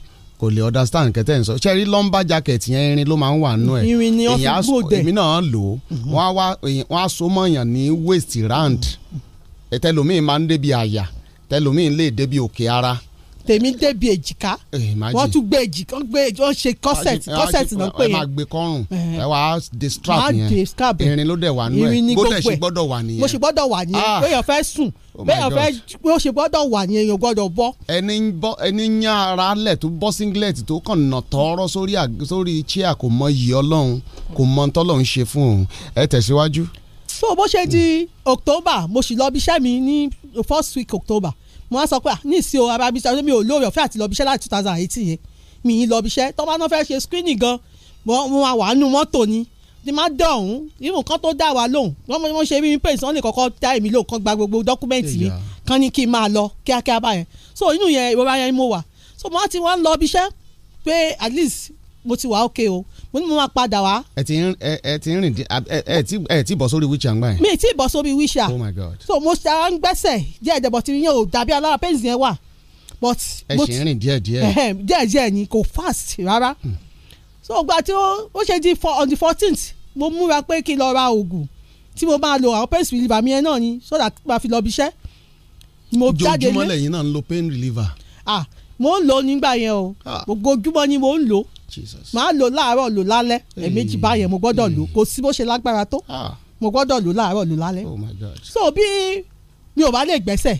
kò lè understand kẹtẹ n sọ ṣe rí jacket yẹn irin ló máa ń wà nù ẹ̀ irin ni wọ́n fi gbòdẹ̀ èmi náà lò ó mhm. wọ́n á so mọ̀yàn ní waist round ẹ̀tẹ́lómìn mhm. máa ń débi àyà ẹ̀tẹ́lómìn lè débi òkè ara tèmi débi èjìká eh, wọ́n tún gbé èjìká wọ́n gbé wọ́n ṣe corset corset náà pé yẹn. ẹ máa gbé kọ́rùn eh, eh. ẹ wà á de strap yẹn irin ló dẹ̀ wà nú ẹ̀ bó dẹ̀ ṣe gbọ́dọ̀ wà nìyẹn. mo ah. oh ṣe gbọ́dọ̀ wà nìyẹn bẹ́ẹ̀ yẹn fẹ́ sùn bẹ́ẹ̀ fẹ́ bí ó ṣe gbọ́dọ̀ wà ní èèyàn gbọ́dọ̀ bọ́. ẹni bọ́ ẹni yan ara lẹ̀ tó bọ́ singlet tó kàn nà tọ́ọ́rọ́ sórí sórí chair kò mọ iyì ọlọ́run kò mọ tọ́lọ́run ṣe fún òun ẹ tẹ̀síwájú. so bó ṣe di October mo sì lọ bí iṣẹ́ mi ní first week October mo wá sọ pé ah, ní ìsìn o arábíṣẹ́ mi ò lóore ọ̀fẹ́ àti lọ́bíṣẹ́ láti two thousand eighteen yẹn mi ì lọ́bíṣẹ́ tó bá náà fẹ́ ṣe screening gan mo máa wà nù mọ́tò ni ni má dẹ̀ ọ̀hún irun kan tó dá wa lóhùn wọ́n mọ̀ ṣe bí mi pé ìsàn lè kọ́kọ́ dá èmi lóhùn kan gba gbogbo dọ́kúmẹ́ǹtì mi kan ní kí n máa lọ kíákíá báyẹn so inú yẹn ìrora yẹn mo wà so mo ti wá ń lọ ibiṣẹ́ pé at least mo ti wà ókè o mo ní mo máa padà wá. ẹ ti ń ẹ ti ń rìn ẹ ti ẹ ti bọ̀ sórí wíṣà ńgbà yẹn. mi ti bọ̀ sórí wíṣà oh my God so mo ṣe à ń gbẹ́sẹ̀ díẹ̀ díẹ̀ bọ̀ tí yẹn ò dàbí alára pẹ́ǹsì yẹn wà but ẹ ṣe ń rìn díẹ̀ díẹ̀ díẹ̀ díẹ̀ ni kò fast rárá hmm. so gba tí ó ṣe di on the fourteenth mo múra pé kí n lọ ra oògùn tí mo máa lo àwọn pain reliever mi yẹn náà ni so that máa fi lọ bí iṣẹ́. mo jáde ní ojoojúmọ́ lẹ́yìn náà ń lo pain reliever. ah mo ń lò nígbà yẹn o ah. gbogbo ojúmọ́ ni mo ń lò máa lò láàárọ̀ lò lálẹ́ ẹ̀ẹ̀mejì báyẹn mo gbọ́dọ̀ lò kò sí bó ṣe lágbára tó ah. mo gbọ́dọ̀ lò láàárọ̀ lò lálẹ́ oh so bí mi ò bá lè gbẹ́sẹ̀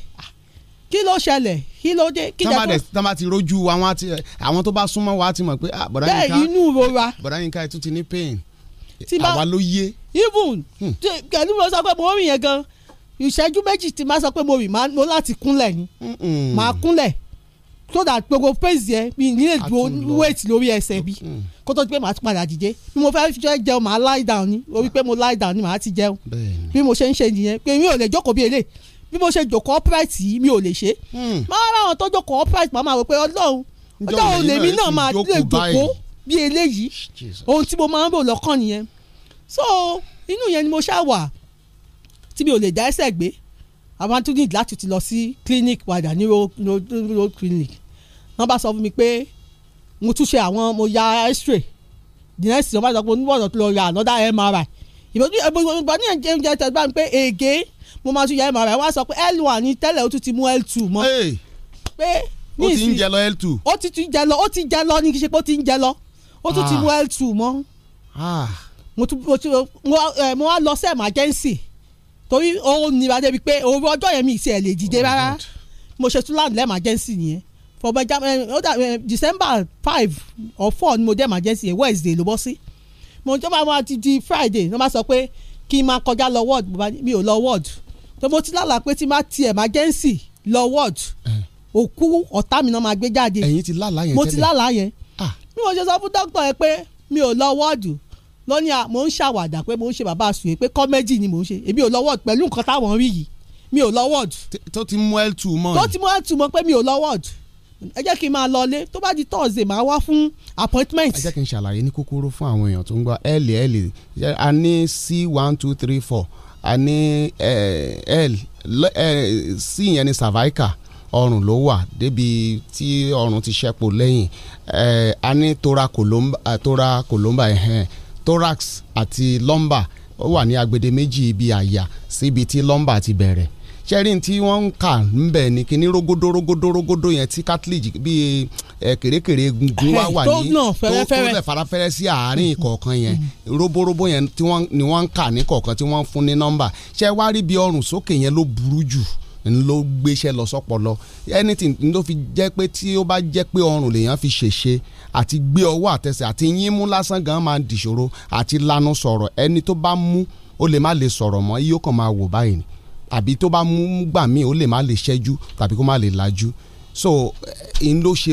kí ló ṣẹlẹ̀ kí ló dé kí lẹ́kọ̀ọ́. tọ́mọdé tọ́mọ ti rojú wa wọn ti àwọn tó bá súnmọ́ wa ti mọ̀ pé ah, bọ̀dá yín ká bẹ́ẹ̀ inú rora bọ̀dá yín ká ẹ̀ tún ti ní pain àwa ló yé. even hmm. pẹ̀lú mo sọ pé mo rìn yẹn gan ìṣẹ́jú méjì tí máa sọ pé mo rìn mo láti kúnlẹ̀ ni máa kúnlẹ̀ so that gbogbo face yẹ mi nílẹ̀ dúró wait lórí ẹsẹ̀ bí kó tó di pé màá tún padà dìde bí mo fẹ́ fẹ́ jẹun màá lie down ni orí pé mo lie down ni màá ti jẹun bí mo ṣe ń ṣe nìyẹn pé mi ò lè jókòó bí eléyìí bí mo ṣe jókòó upright yìí mi ò lè ṣe máa hmm. wá àwọn tó jókòó upright màá máa wò pé ọlọ́run ọlọ́run lèmi náà máa lè jókòó bí eléyìí ohun tí mo máa ń rò lọ́kàn nìyẹn so inú yẹn ni mo ṣáà wà tí mi ò lè dá ẹsẹ̀ gbé àwọn tó need láti ti lọ sí clinic padà ní road clinic wọ́n bá sọ fún mi pé mo tún ṣe àwọn mo ya x-ray the next thing wọ́n bá sọ pé oníbọ̀dọ̀ tó lọ ya another mri ìbọn ní ẹ̀jẹ̀ ń jẹ́ tẹ̀gbá mi pé ègé mo máa tún ya mri wọ́n á sọ pé l1 ní tẹ́lẹ̀ ó tún ti mú l2 mọ́ pé ní ìsìn ó ti ń jẹ lọ l2 ó ti tún jẹ lọ ó ti jẹ lọ ní kí ṣe pé ó ti ń jẹ lọ ó tún ti ah. mú l2 mọ́ ah. eh, mo wá lọ sí emergency torí ó nira débi pé òru ọjọ́ yẹn mi ì sí ẹ̀ lè dìde oh rárá mo ṣe tún land emergency yẹn fọba eh, eh, december five or four ni mo dé emergency yẹn wednesday ló bọ́ sí mo jọba wọn ti di friday ló máa sọ pé kí n máa kọjá lọ ward mi ò lọ ward tó mo ti lálàá pé tí n bá ti emergency lọ ward eh. òkú ọ̀tá mi náà máa gbé jáde mo ti lálàá yẹn mi ò ah. ṣe sọ fún dókítà yẹn pé mi ò lọ wọ́ọ̀dù lọ́ní à mò ń ṣàwàdà pé mò ń ṣe bàbá àsùnwé pé kọ́mẹ́dì ni mò ń ṣe èmi ò lọ́wọ́ pẹ̀lú nǹkan táwọn rí yìí mi ò lọ́wọ́ jù. tó ti mú l two mọ́. tó ti mú l two mọ́ pé mi ò lọ́wọ́ jù ẹ jẹ́ kí n máa lọlé tó bá di Thursday máa wá fún appointment. ẹ jẹ́ kí n ṣàlàyé ní kúkúrú fún àwọn èèyàn tó ń gba l l a ní c one two three four a ní l c yẹn ní cervical ọrùn ló wà débi tí ọrùn ti ṣẹ́pọ̀ lẹ́yìn a ní tora columba tora columba thorax àti lumbar ó wà ní agbede méjì ibi àyà síbi tí lumbar ti bẹ̀rẹ̀ ṣẹ́rin tí wọ́n ń kà ń bẹ̀ ni kíní rógódó rógódó rógódó yẹn tí cartilage bíi kèrèkèrè gungun wá wà ní tó lẹ̀ farafẹ́rẹ́ sí àárín kọ̀ọ̀kan yẹn mm-hmm. róbóróbó yẹn ni wọ́n ń kà ní kọ̀ọ̀kan tí wọ́n ń fún ní nọ́mbà ṣẹ́ wá rí bí ọrùn sókè yẹn ló burú jù ló gbéṣẹ́ lọ sọ́pọlọ anything ló fi jẹ́ pé tí ó bá jẹ́ pé ọrùn lèèyàn fi ṣèṣe àti gbé ọwọ́ àtẹsẹ̀ àti yínmú lásán gan máa dìṣòro àti lanu sọ̀rọ̀ ẹni tó bá mú ó lè má lè sọ̀rọ̀ mọ́ yóò kàn máa wò báyìí àbí tó bá mú gbà míì ó lè má lè ṣẹ́jú tàbí kó má lè lajú so n ló ṣe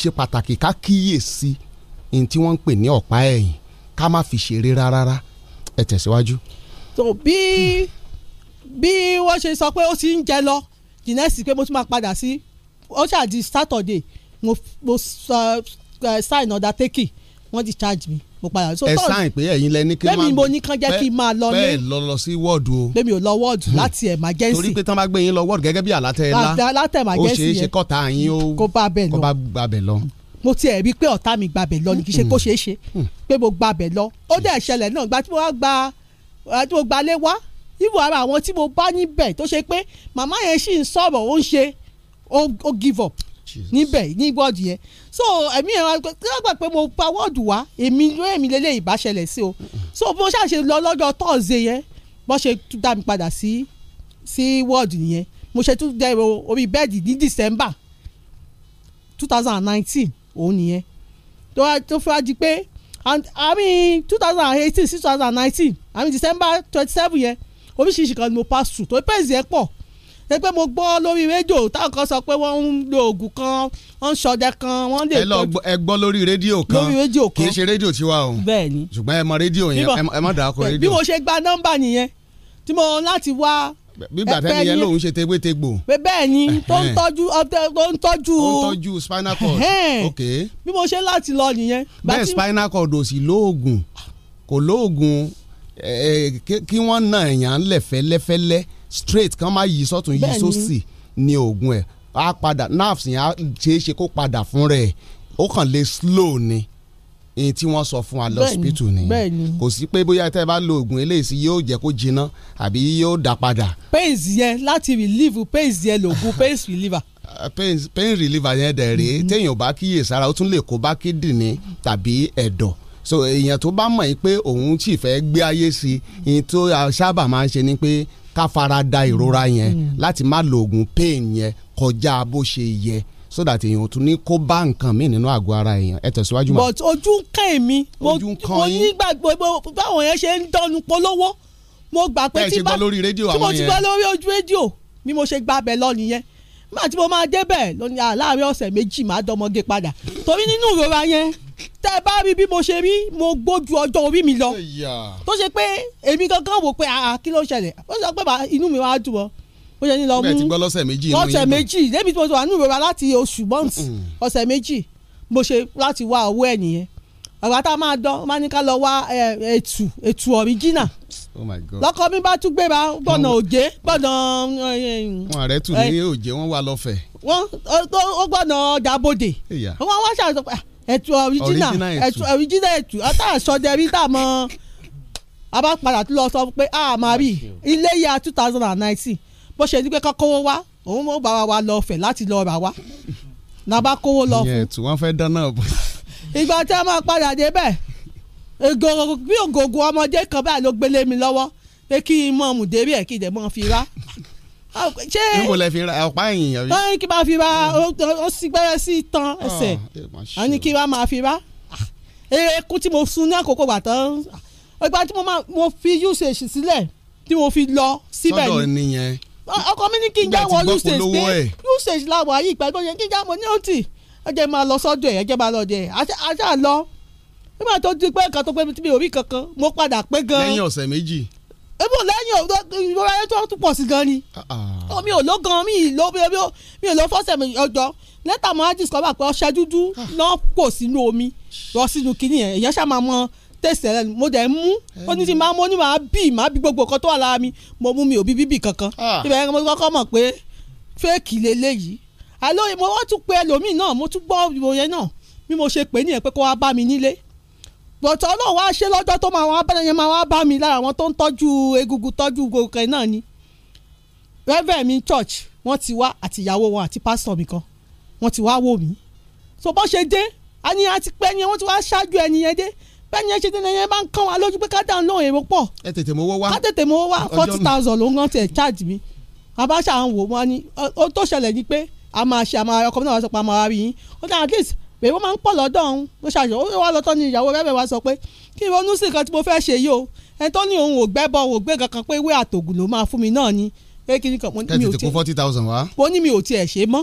ṣe pàtàkì ká kíyèsí n tí wọ́n ń pè ní ọ̀pá ẹ̀yìn ká má fi ṣeré rárá ẹ tẹ̀síwájú. tó bí. Hmm bí wọ́n ṣe sọ pé ó ti ń jẹ lọ jìnẹ́sì pé mo tún máa padà sí ó ṣàdí Saturday mo mo uh, uh, sign order taking wọ́n discharge mi mo padà. ẹ sáìn pé ẹ̀yin lẹ ní kí máa bẹ́ẹ̀ mi mo ní kán jẹ́ kí n máa lọ bẹ́ẹ̀ lọ lọ sí wọ́ọ̀dù o. bẹ́ẹ̀ mi ò lọ wọ́ọ̀dù hmm. láti emergency. torí pé tán bá gbé yín lọ wọ́ọ̀dù gẹ́gẹ́ bí àlátẹ̀ ńlá látẹ̀ emergency yẹn ó ṣeé ṣe kọ́ta yín ó kó bá bẹ̀ lọ kó bá gbàbẹ̀ lọ. Hmm. mo ti ẹ̀ rí i pé ọ̀tá mi gbàbẹ̀ lọ ni kì í ṣe hmm. kó ṣeé ṣe pé mo gbàbẹ̀ lọ ó dẹ̀ ṣẹlẹ̀ náà gbà tí mo wá gba wá ibo ara àwọn tí mo bá níbẹ̀ tó ṣe pé màmá yẹn sì ń sọ̀rọ̀ ó ń ṣe ó give up níbẹ̀ ní wọ́ọ̀dù yẹn so ẹ̀mí ẹ̀ wọ́n gbà pé mo pa wọ́ọ̀dù wá èmi ló èmi lélẹ̀ ìbáṣẹlẹ̀ sí o so bó ṣáà ṣe lọ lọ́jọ́ tọ́ọ̀sì yẹn bó ṣe dá mi padà sí sí wọ́ọ̀dù yẹn mo ṣe tún dẹ orí bẹ́ẹ̀dì ní December two thousand and nineteen òun nìyẹn tó fẹ́ pé àmì two thousand and eighteen sí two thousand and nineteen àmì December twenty seven yẹn oríṣiríṣi kan ni mo pass through tó pèsè ẹ̀ pọ̀ ṣe pé mo gbọ́ lórí rédíò táwọn kan sọ pé wọ́n ń lo oògùn kan wọ́n ń ṣọdẹ kan wọ́n lè tọ́jú. ẹ gbọ́ lórí rédíò kan lórí rédíò kan kì í ṣe rédíò tiwa o bẹ́ẹ̀ni ṣùgbọ́n ẹ mọ rédíò yẹn ẹ má dàá kọ rédíò. bí mo ṣe gba nọ́mbà nìyẹn tí mo láti wá bígbà tẹ́ni yẹn lòun ṣe tegbétegbò. bẹ́ẹ̀ ni tó ń tọ́jú tó ń tọ́jú spinal cord ok. bí mo ṣe láti lọ nìyẹn. bẹ́ẹ̀ spinal cord ò sì lóògùn kò lóògùn kí wọ́n na èèyàn lẹ́fẹ́lẹ́fẹ́lẹ́ straight kán má yí sọ́tún yí sósì ni oògùn ẹ̀ á padà nerves yẹn á ṣeé ṣe kó padà fún rẹ̀ ó kàn lè slow ni èyí tí wọ́n sọ fún wa lọ́sibítù nìyẹn kò sí pé bóyá tẹ́ ẹ bá lo oògùn eléyìí sí yóò jẹ́ kó jinná àbí yóò dá padà. pains yẹn láti relieve pains yẹn lògùn pains reliever. Ah, pain reliever yẹn dẹ̀ rèé mm-hmm. téèyàn bá kíyè ó tún lè kó bá kídìní tàbí ẹ̀dọ̀ so èèyàn tó bá mọ̀ yín pé òun sì fẹ́ gbé ayé sí i tó sábà máa ń ṣe ni pé ká fara da ìrora mm. yẹn mm. láti má lo oògùn pain yẹn kọjá bó ṣe yẹ so that èèyàn tún ní kó bá nǹkan míì nínú àgọ́ ara èèyàn ẹ tẹ̀síwájú mọ́. but ojú ń kàn èmi mo nígbàgbọ́ báwọn yẹn ṣe ń dọ́nu polówó mo gbà pé tí mo ti gbọ́ lórí ojú rédíò bí mo ṣe gbà bẹ̀ lọ nìyẹn nígbà tí mo máa débẹ̀ lónìí láàárín ọ̀sẹ̀ méjì máa dọmọge padà torí nínú ìrora yẹn tẹ́ bá rí bí mo ṣe rí mo gbójú ọjọ́ orí mi lọ tó ṣe pé èmi kankan wò pé àà kí ló ń ṣẹlẹ̀ ó sọ pé inú mi wàá dùn ọ́ ó ṣe ní lọ mú ọ̀sẹ̀ méjì ọ̀sẹ̀ méjì débi tí mo ti wà nínú ìrora láti oṣù bọ́ǹsì ọ̀sẹ̀ méjì mo ṣe láti wá owó ẹ̀ ọ̀gá tá a máa dán máa ní ká lọ wá ètù ètù ọ̀ríjìnà Oh my God. mi bá tún gbé ba gbọ̀nà òjé gbọ̀nà. wọn rẹ tù ní òjé wọn wà lọ́fẹ̀ẹ́. wọn ó gbọ̀nà ọjà bodè wọn wá ṣàṣọ ẹ̀tù ọ̀ríjínà ẹ̀tù ọ̀ríjínà ẹ̀tù ọ̀tá àṣọdẹ̀rí tá a mọ abápadà tó lọ sọ pé a ah, máa rí iléyà two thousand and nineteen bó ṣe ní pé kọ́kọ́wọ́ wá òun mọ̀ bá wa lọ fẹ̀ láti lọ rà wá náà bá kówó lọ fún. ìyẹn ẹ̀tù wọn fẹ́ dáná ọ̀bùn. ìgbà tí a máa padà dé bẹ́ẹ̀ ègòrò bí ògògò ọmọdé kan báyìí ló gbélé mi lọ́wọ́ pé kí n mọ̀ mùdérí ẹ̀ kí n dẹ̀ mọ̀ fi rá ṣé níbo lẹ fi ra ọ̀pá ẹ̀yìn yẹn. wọ́n ní kí n máa fi ra ó sì gbẹ́rẹ́ sí itan ẹsẹ̀ wọ́n ah, ní kí n máa fi ra eku ah, tí mo sun ní àkókò gbà tán ah, ìgbà tí mo fi usage sílẹ̀ tí mo fi lọ síbẹ̀ ni. sọ́dọ̀ nìyẹn ọkọ mi ní kí n já wọ usage pé usage làwọn ayé ìgbà tó yẹ kí n já mọ ní òtì ẹ jẹ́ máa lọ sọ́dọ̀ ẹ̀ ẹ jẹ́ máa lọ jẹ́ ajá lọ nígbà tó di pé ẹ̀ka tó pé tí mi ò rí kankan mo padà pé gan. lẹ́yìn ọ̀sẹ̀ méjì ebó lẹ́yìn ìrora ayé tó tún pọ̀ sí gan ni ah, ah. omi oh, ò ló gan mi ló mi ò ló fọ́sẹ̀ mi ọjọ́ lẹ́tà mọ́ ájísì kọ́ bá pé ọṣẹ dúdú náà ah. pò sínú omi lọ sínú kínní yẹn èèyàn ṣáà máa mọ tẹ̀sẹ̀ rẹ mo dẹ̀ ń mú ó ní ti eh. máa mú ó ní máa bì máa bí gbogbo nǹkan tó wà lára mi mo mú mi ò bí bíbì kankan ibẹ̀ yẹn mo kọ́kọ́ mọ̀ pé fẹ́ẹ̀kì lélẹ́yìí àlóye mo wọ́n tún pe ẹlòmíì náà mo tún gbọ́ ìròyìn náà bí mo ṣe pè é nìyẹn pé kó wá bá mi nílé bọ̀tọ̀ ọlọ́run wá ṣe lọ́jọ́ tó máa wọn abẹ́rẹ́ yẹn máa wá bá mi lára àwọn tó ń tọ́jú egungun tọ́jú gòkè náà ni rẹ́fẹ̀ mi church wọ́n ti wá àti ìyàwó wọn àti pásítọ̀ mi kan wọ́n ti wá wò mí so bó ṣe dé àní àti pé ẹni wọ́n ti wá ṣáájú ẹni yẹn dé bẹ́ẹ̀ni ẹ ṣe tẹ́lẹ̀ yẹn bá ń kán wa lójú pé ká dáhùn lóhùn èrò pọ̀ ẹ tètè mówó wá ká tètè mówó wá forty thousand ló ń rántí ẹ̀ charge mi abáṣà ń wò wọ́n ni ó tó ṣẹlẹ̀ ni pé a máa ṣe àmọ́ ọkọ̀ náà wá sọ pé a máa rí yín ó dáhùn at least pé ó máa ń pọ̀ lọ́dọ̀ òun mo ṣàṣọ ó wá lọ́tọ́ ni ìyàwó rẹ́bẹ̀ wá sọ pé kí n ronú sí nǹkan tí mo fẹ́ ṣe yìí o ẹni tó ní òun ò gbẹ́bọ ò gbé kankan pé ìwé àtògùn ló máa fún mi náà ni pé kí ni kan mo ní mi ò tiẹ̀ ṣe mọ́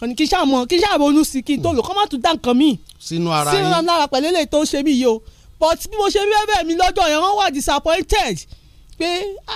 ọ̀nì kí sáà mọ̀ kí sáà ronú sí kí n tó lò kọ́ má tún dá nǹkan míì. sínú ara yín sínú ara pẹ̀lú but bí mo ṣe rí ẹ̀bẹ̀ mi disappointed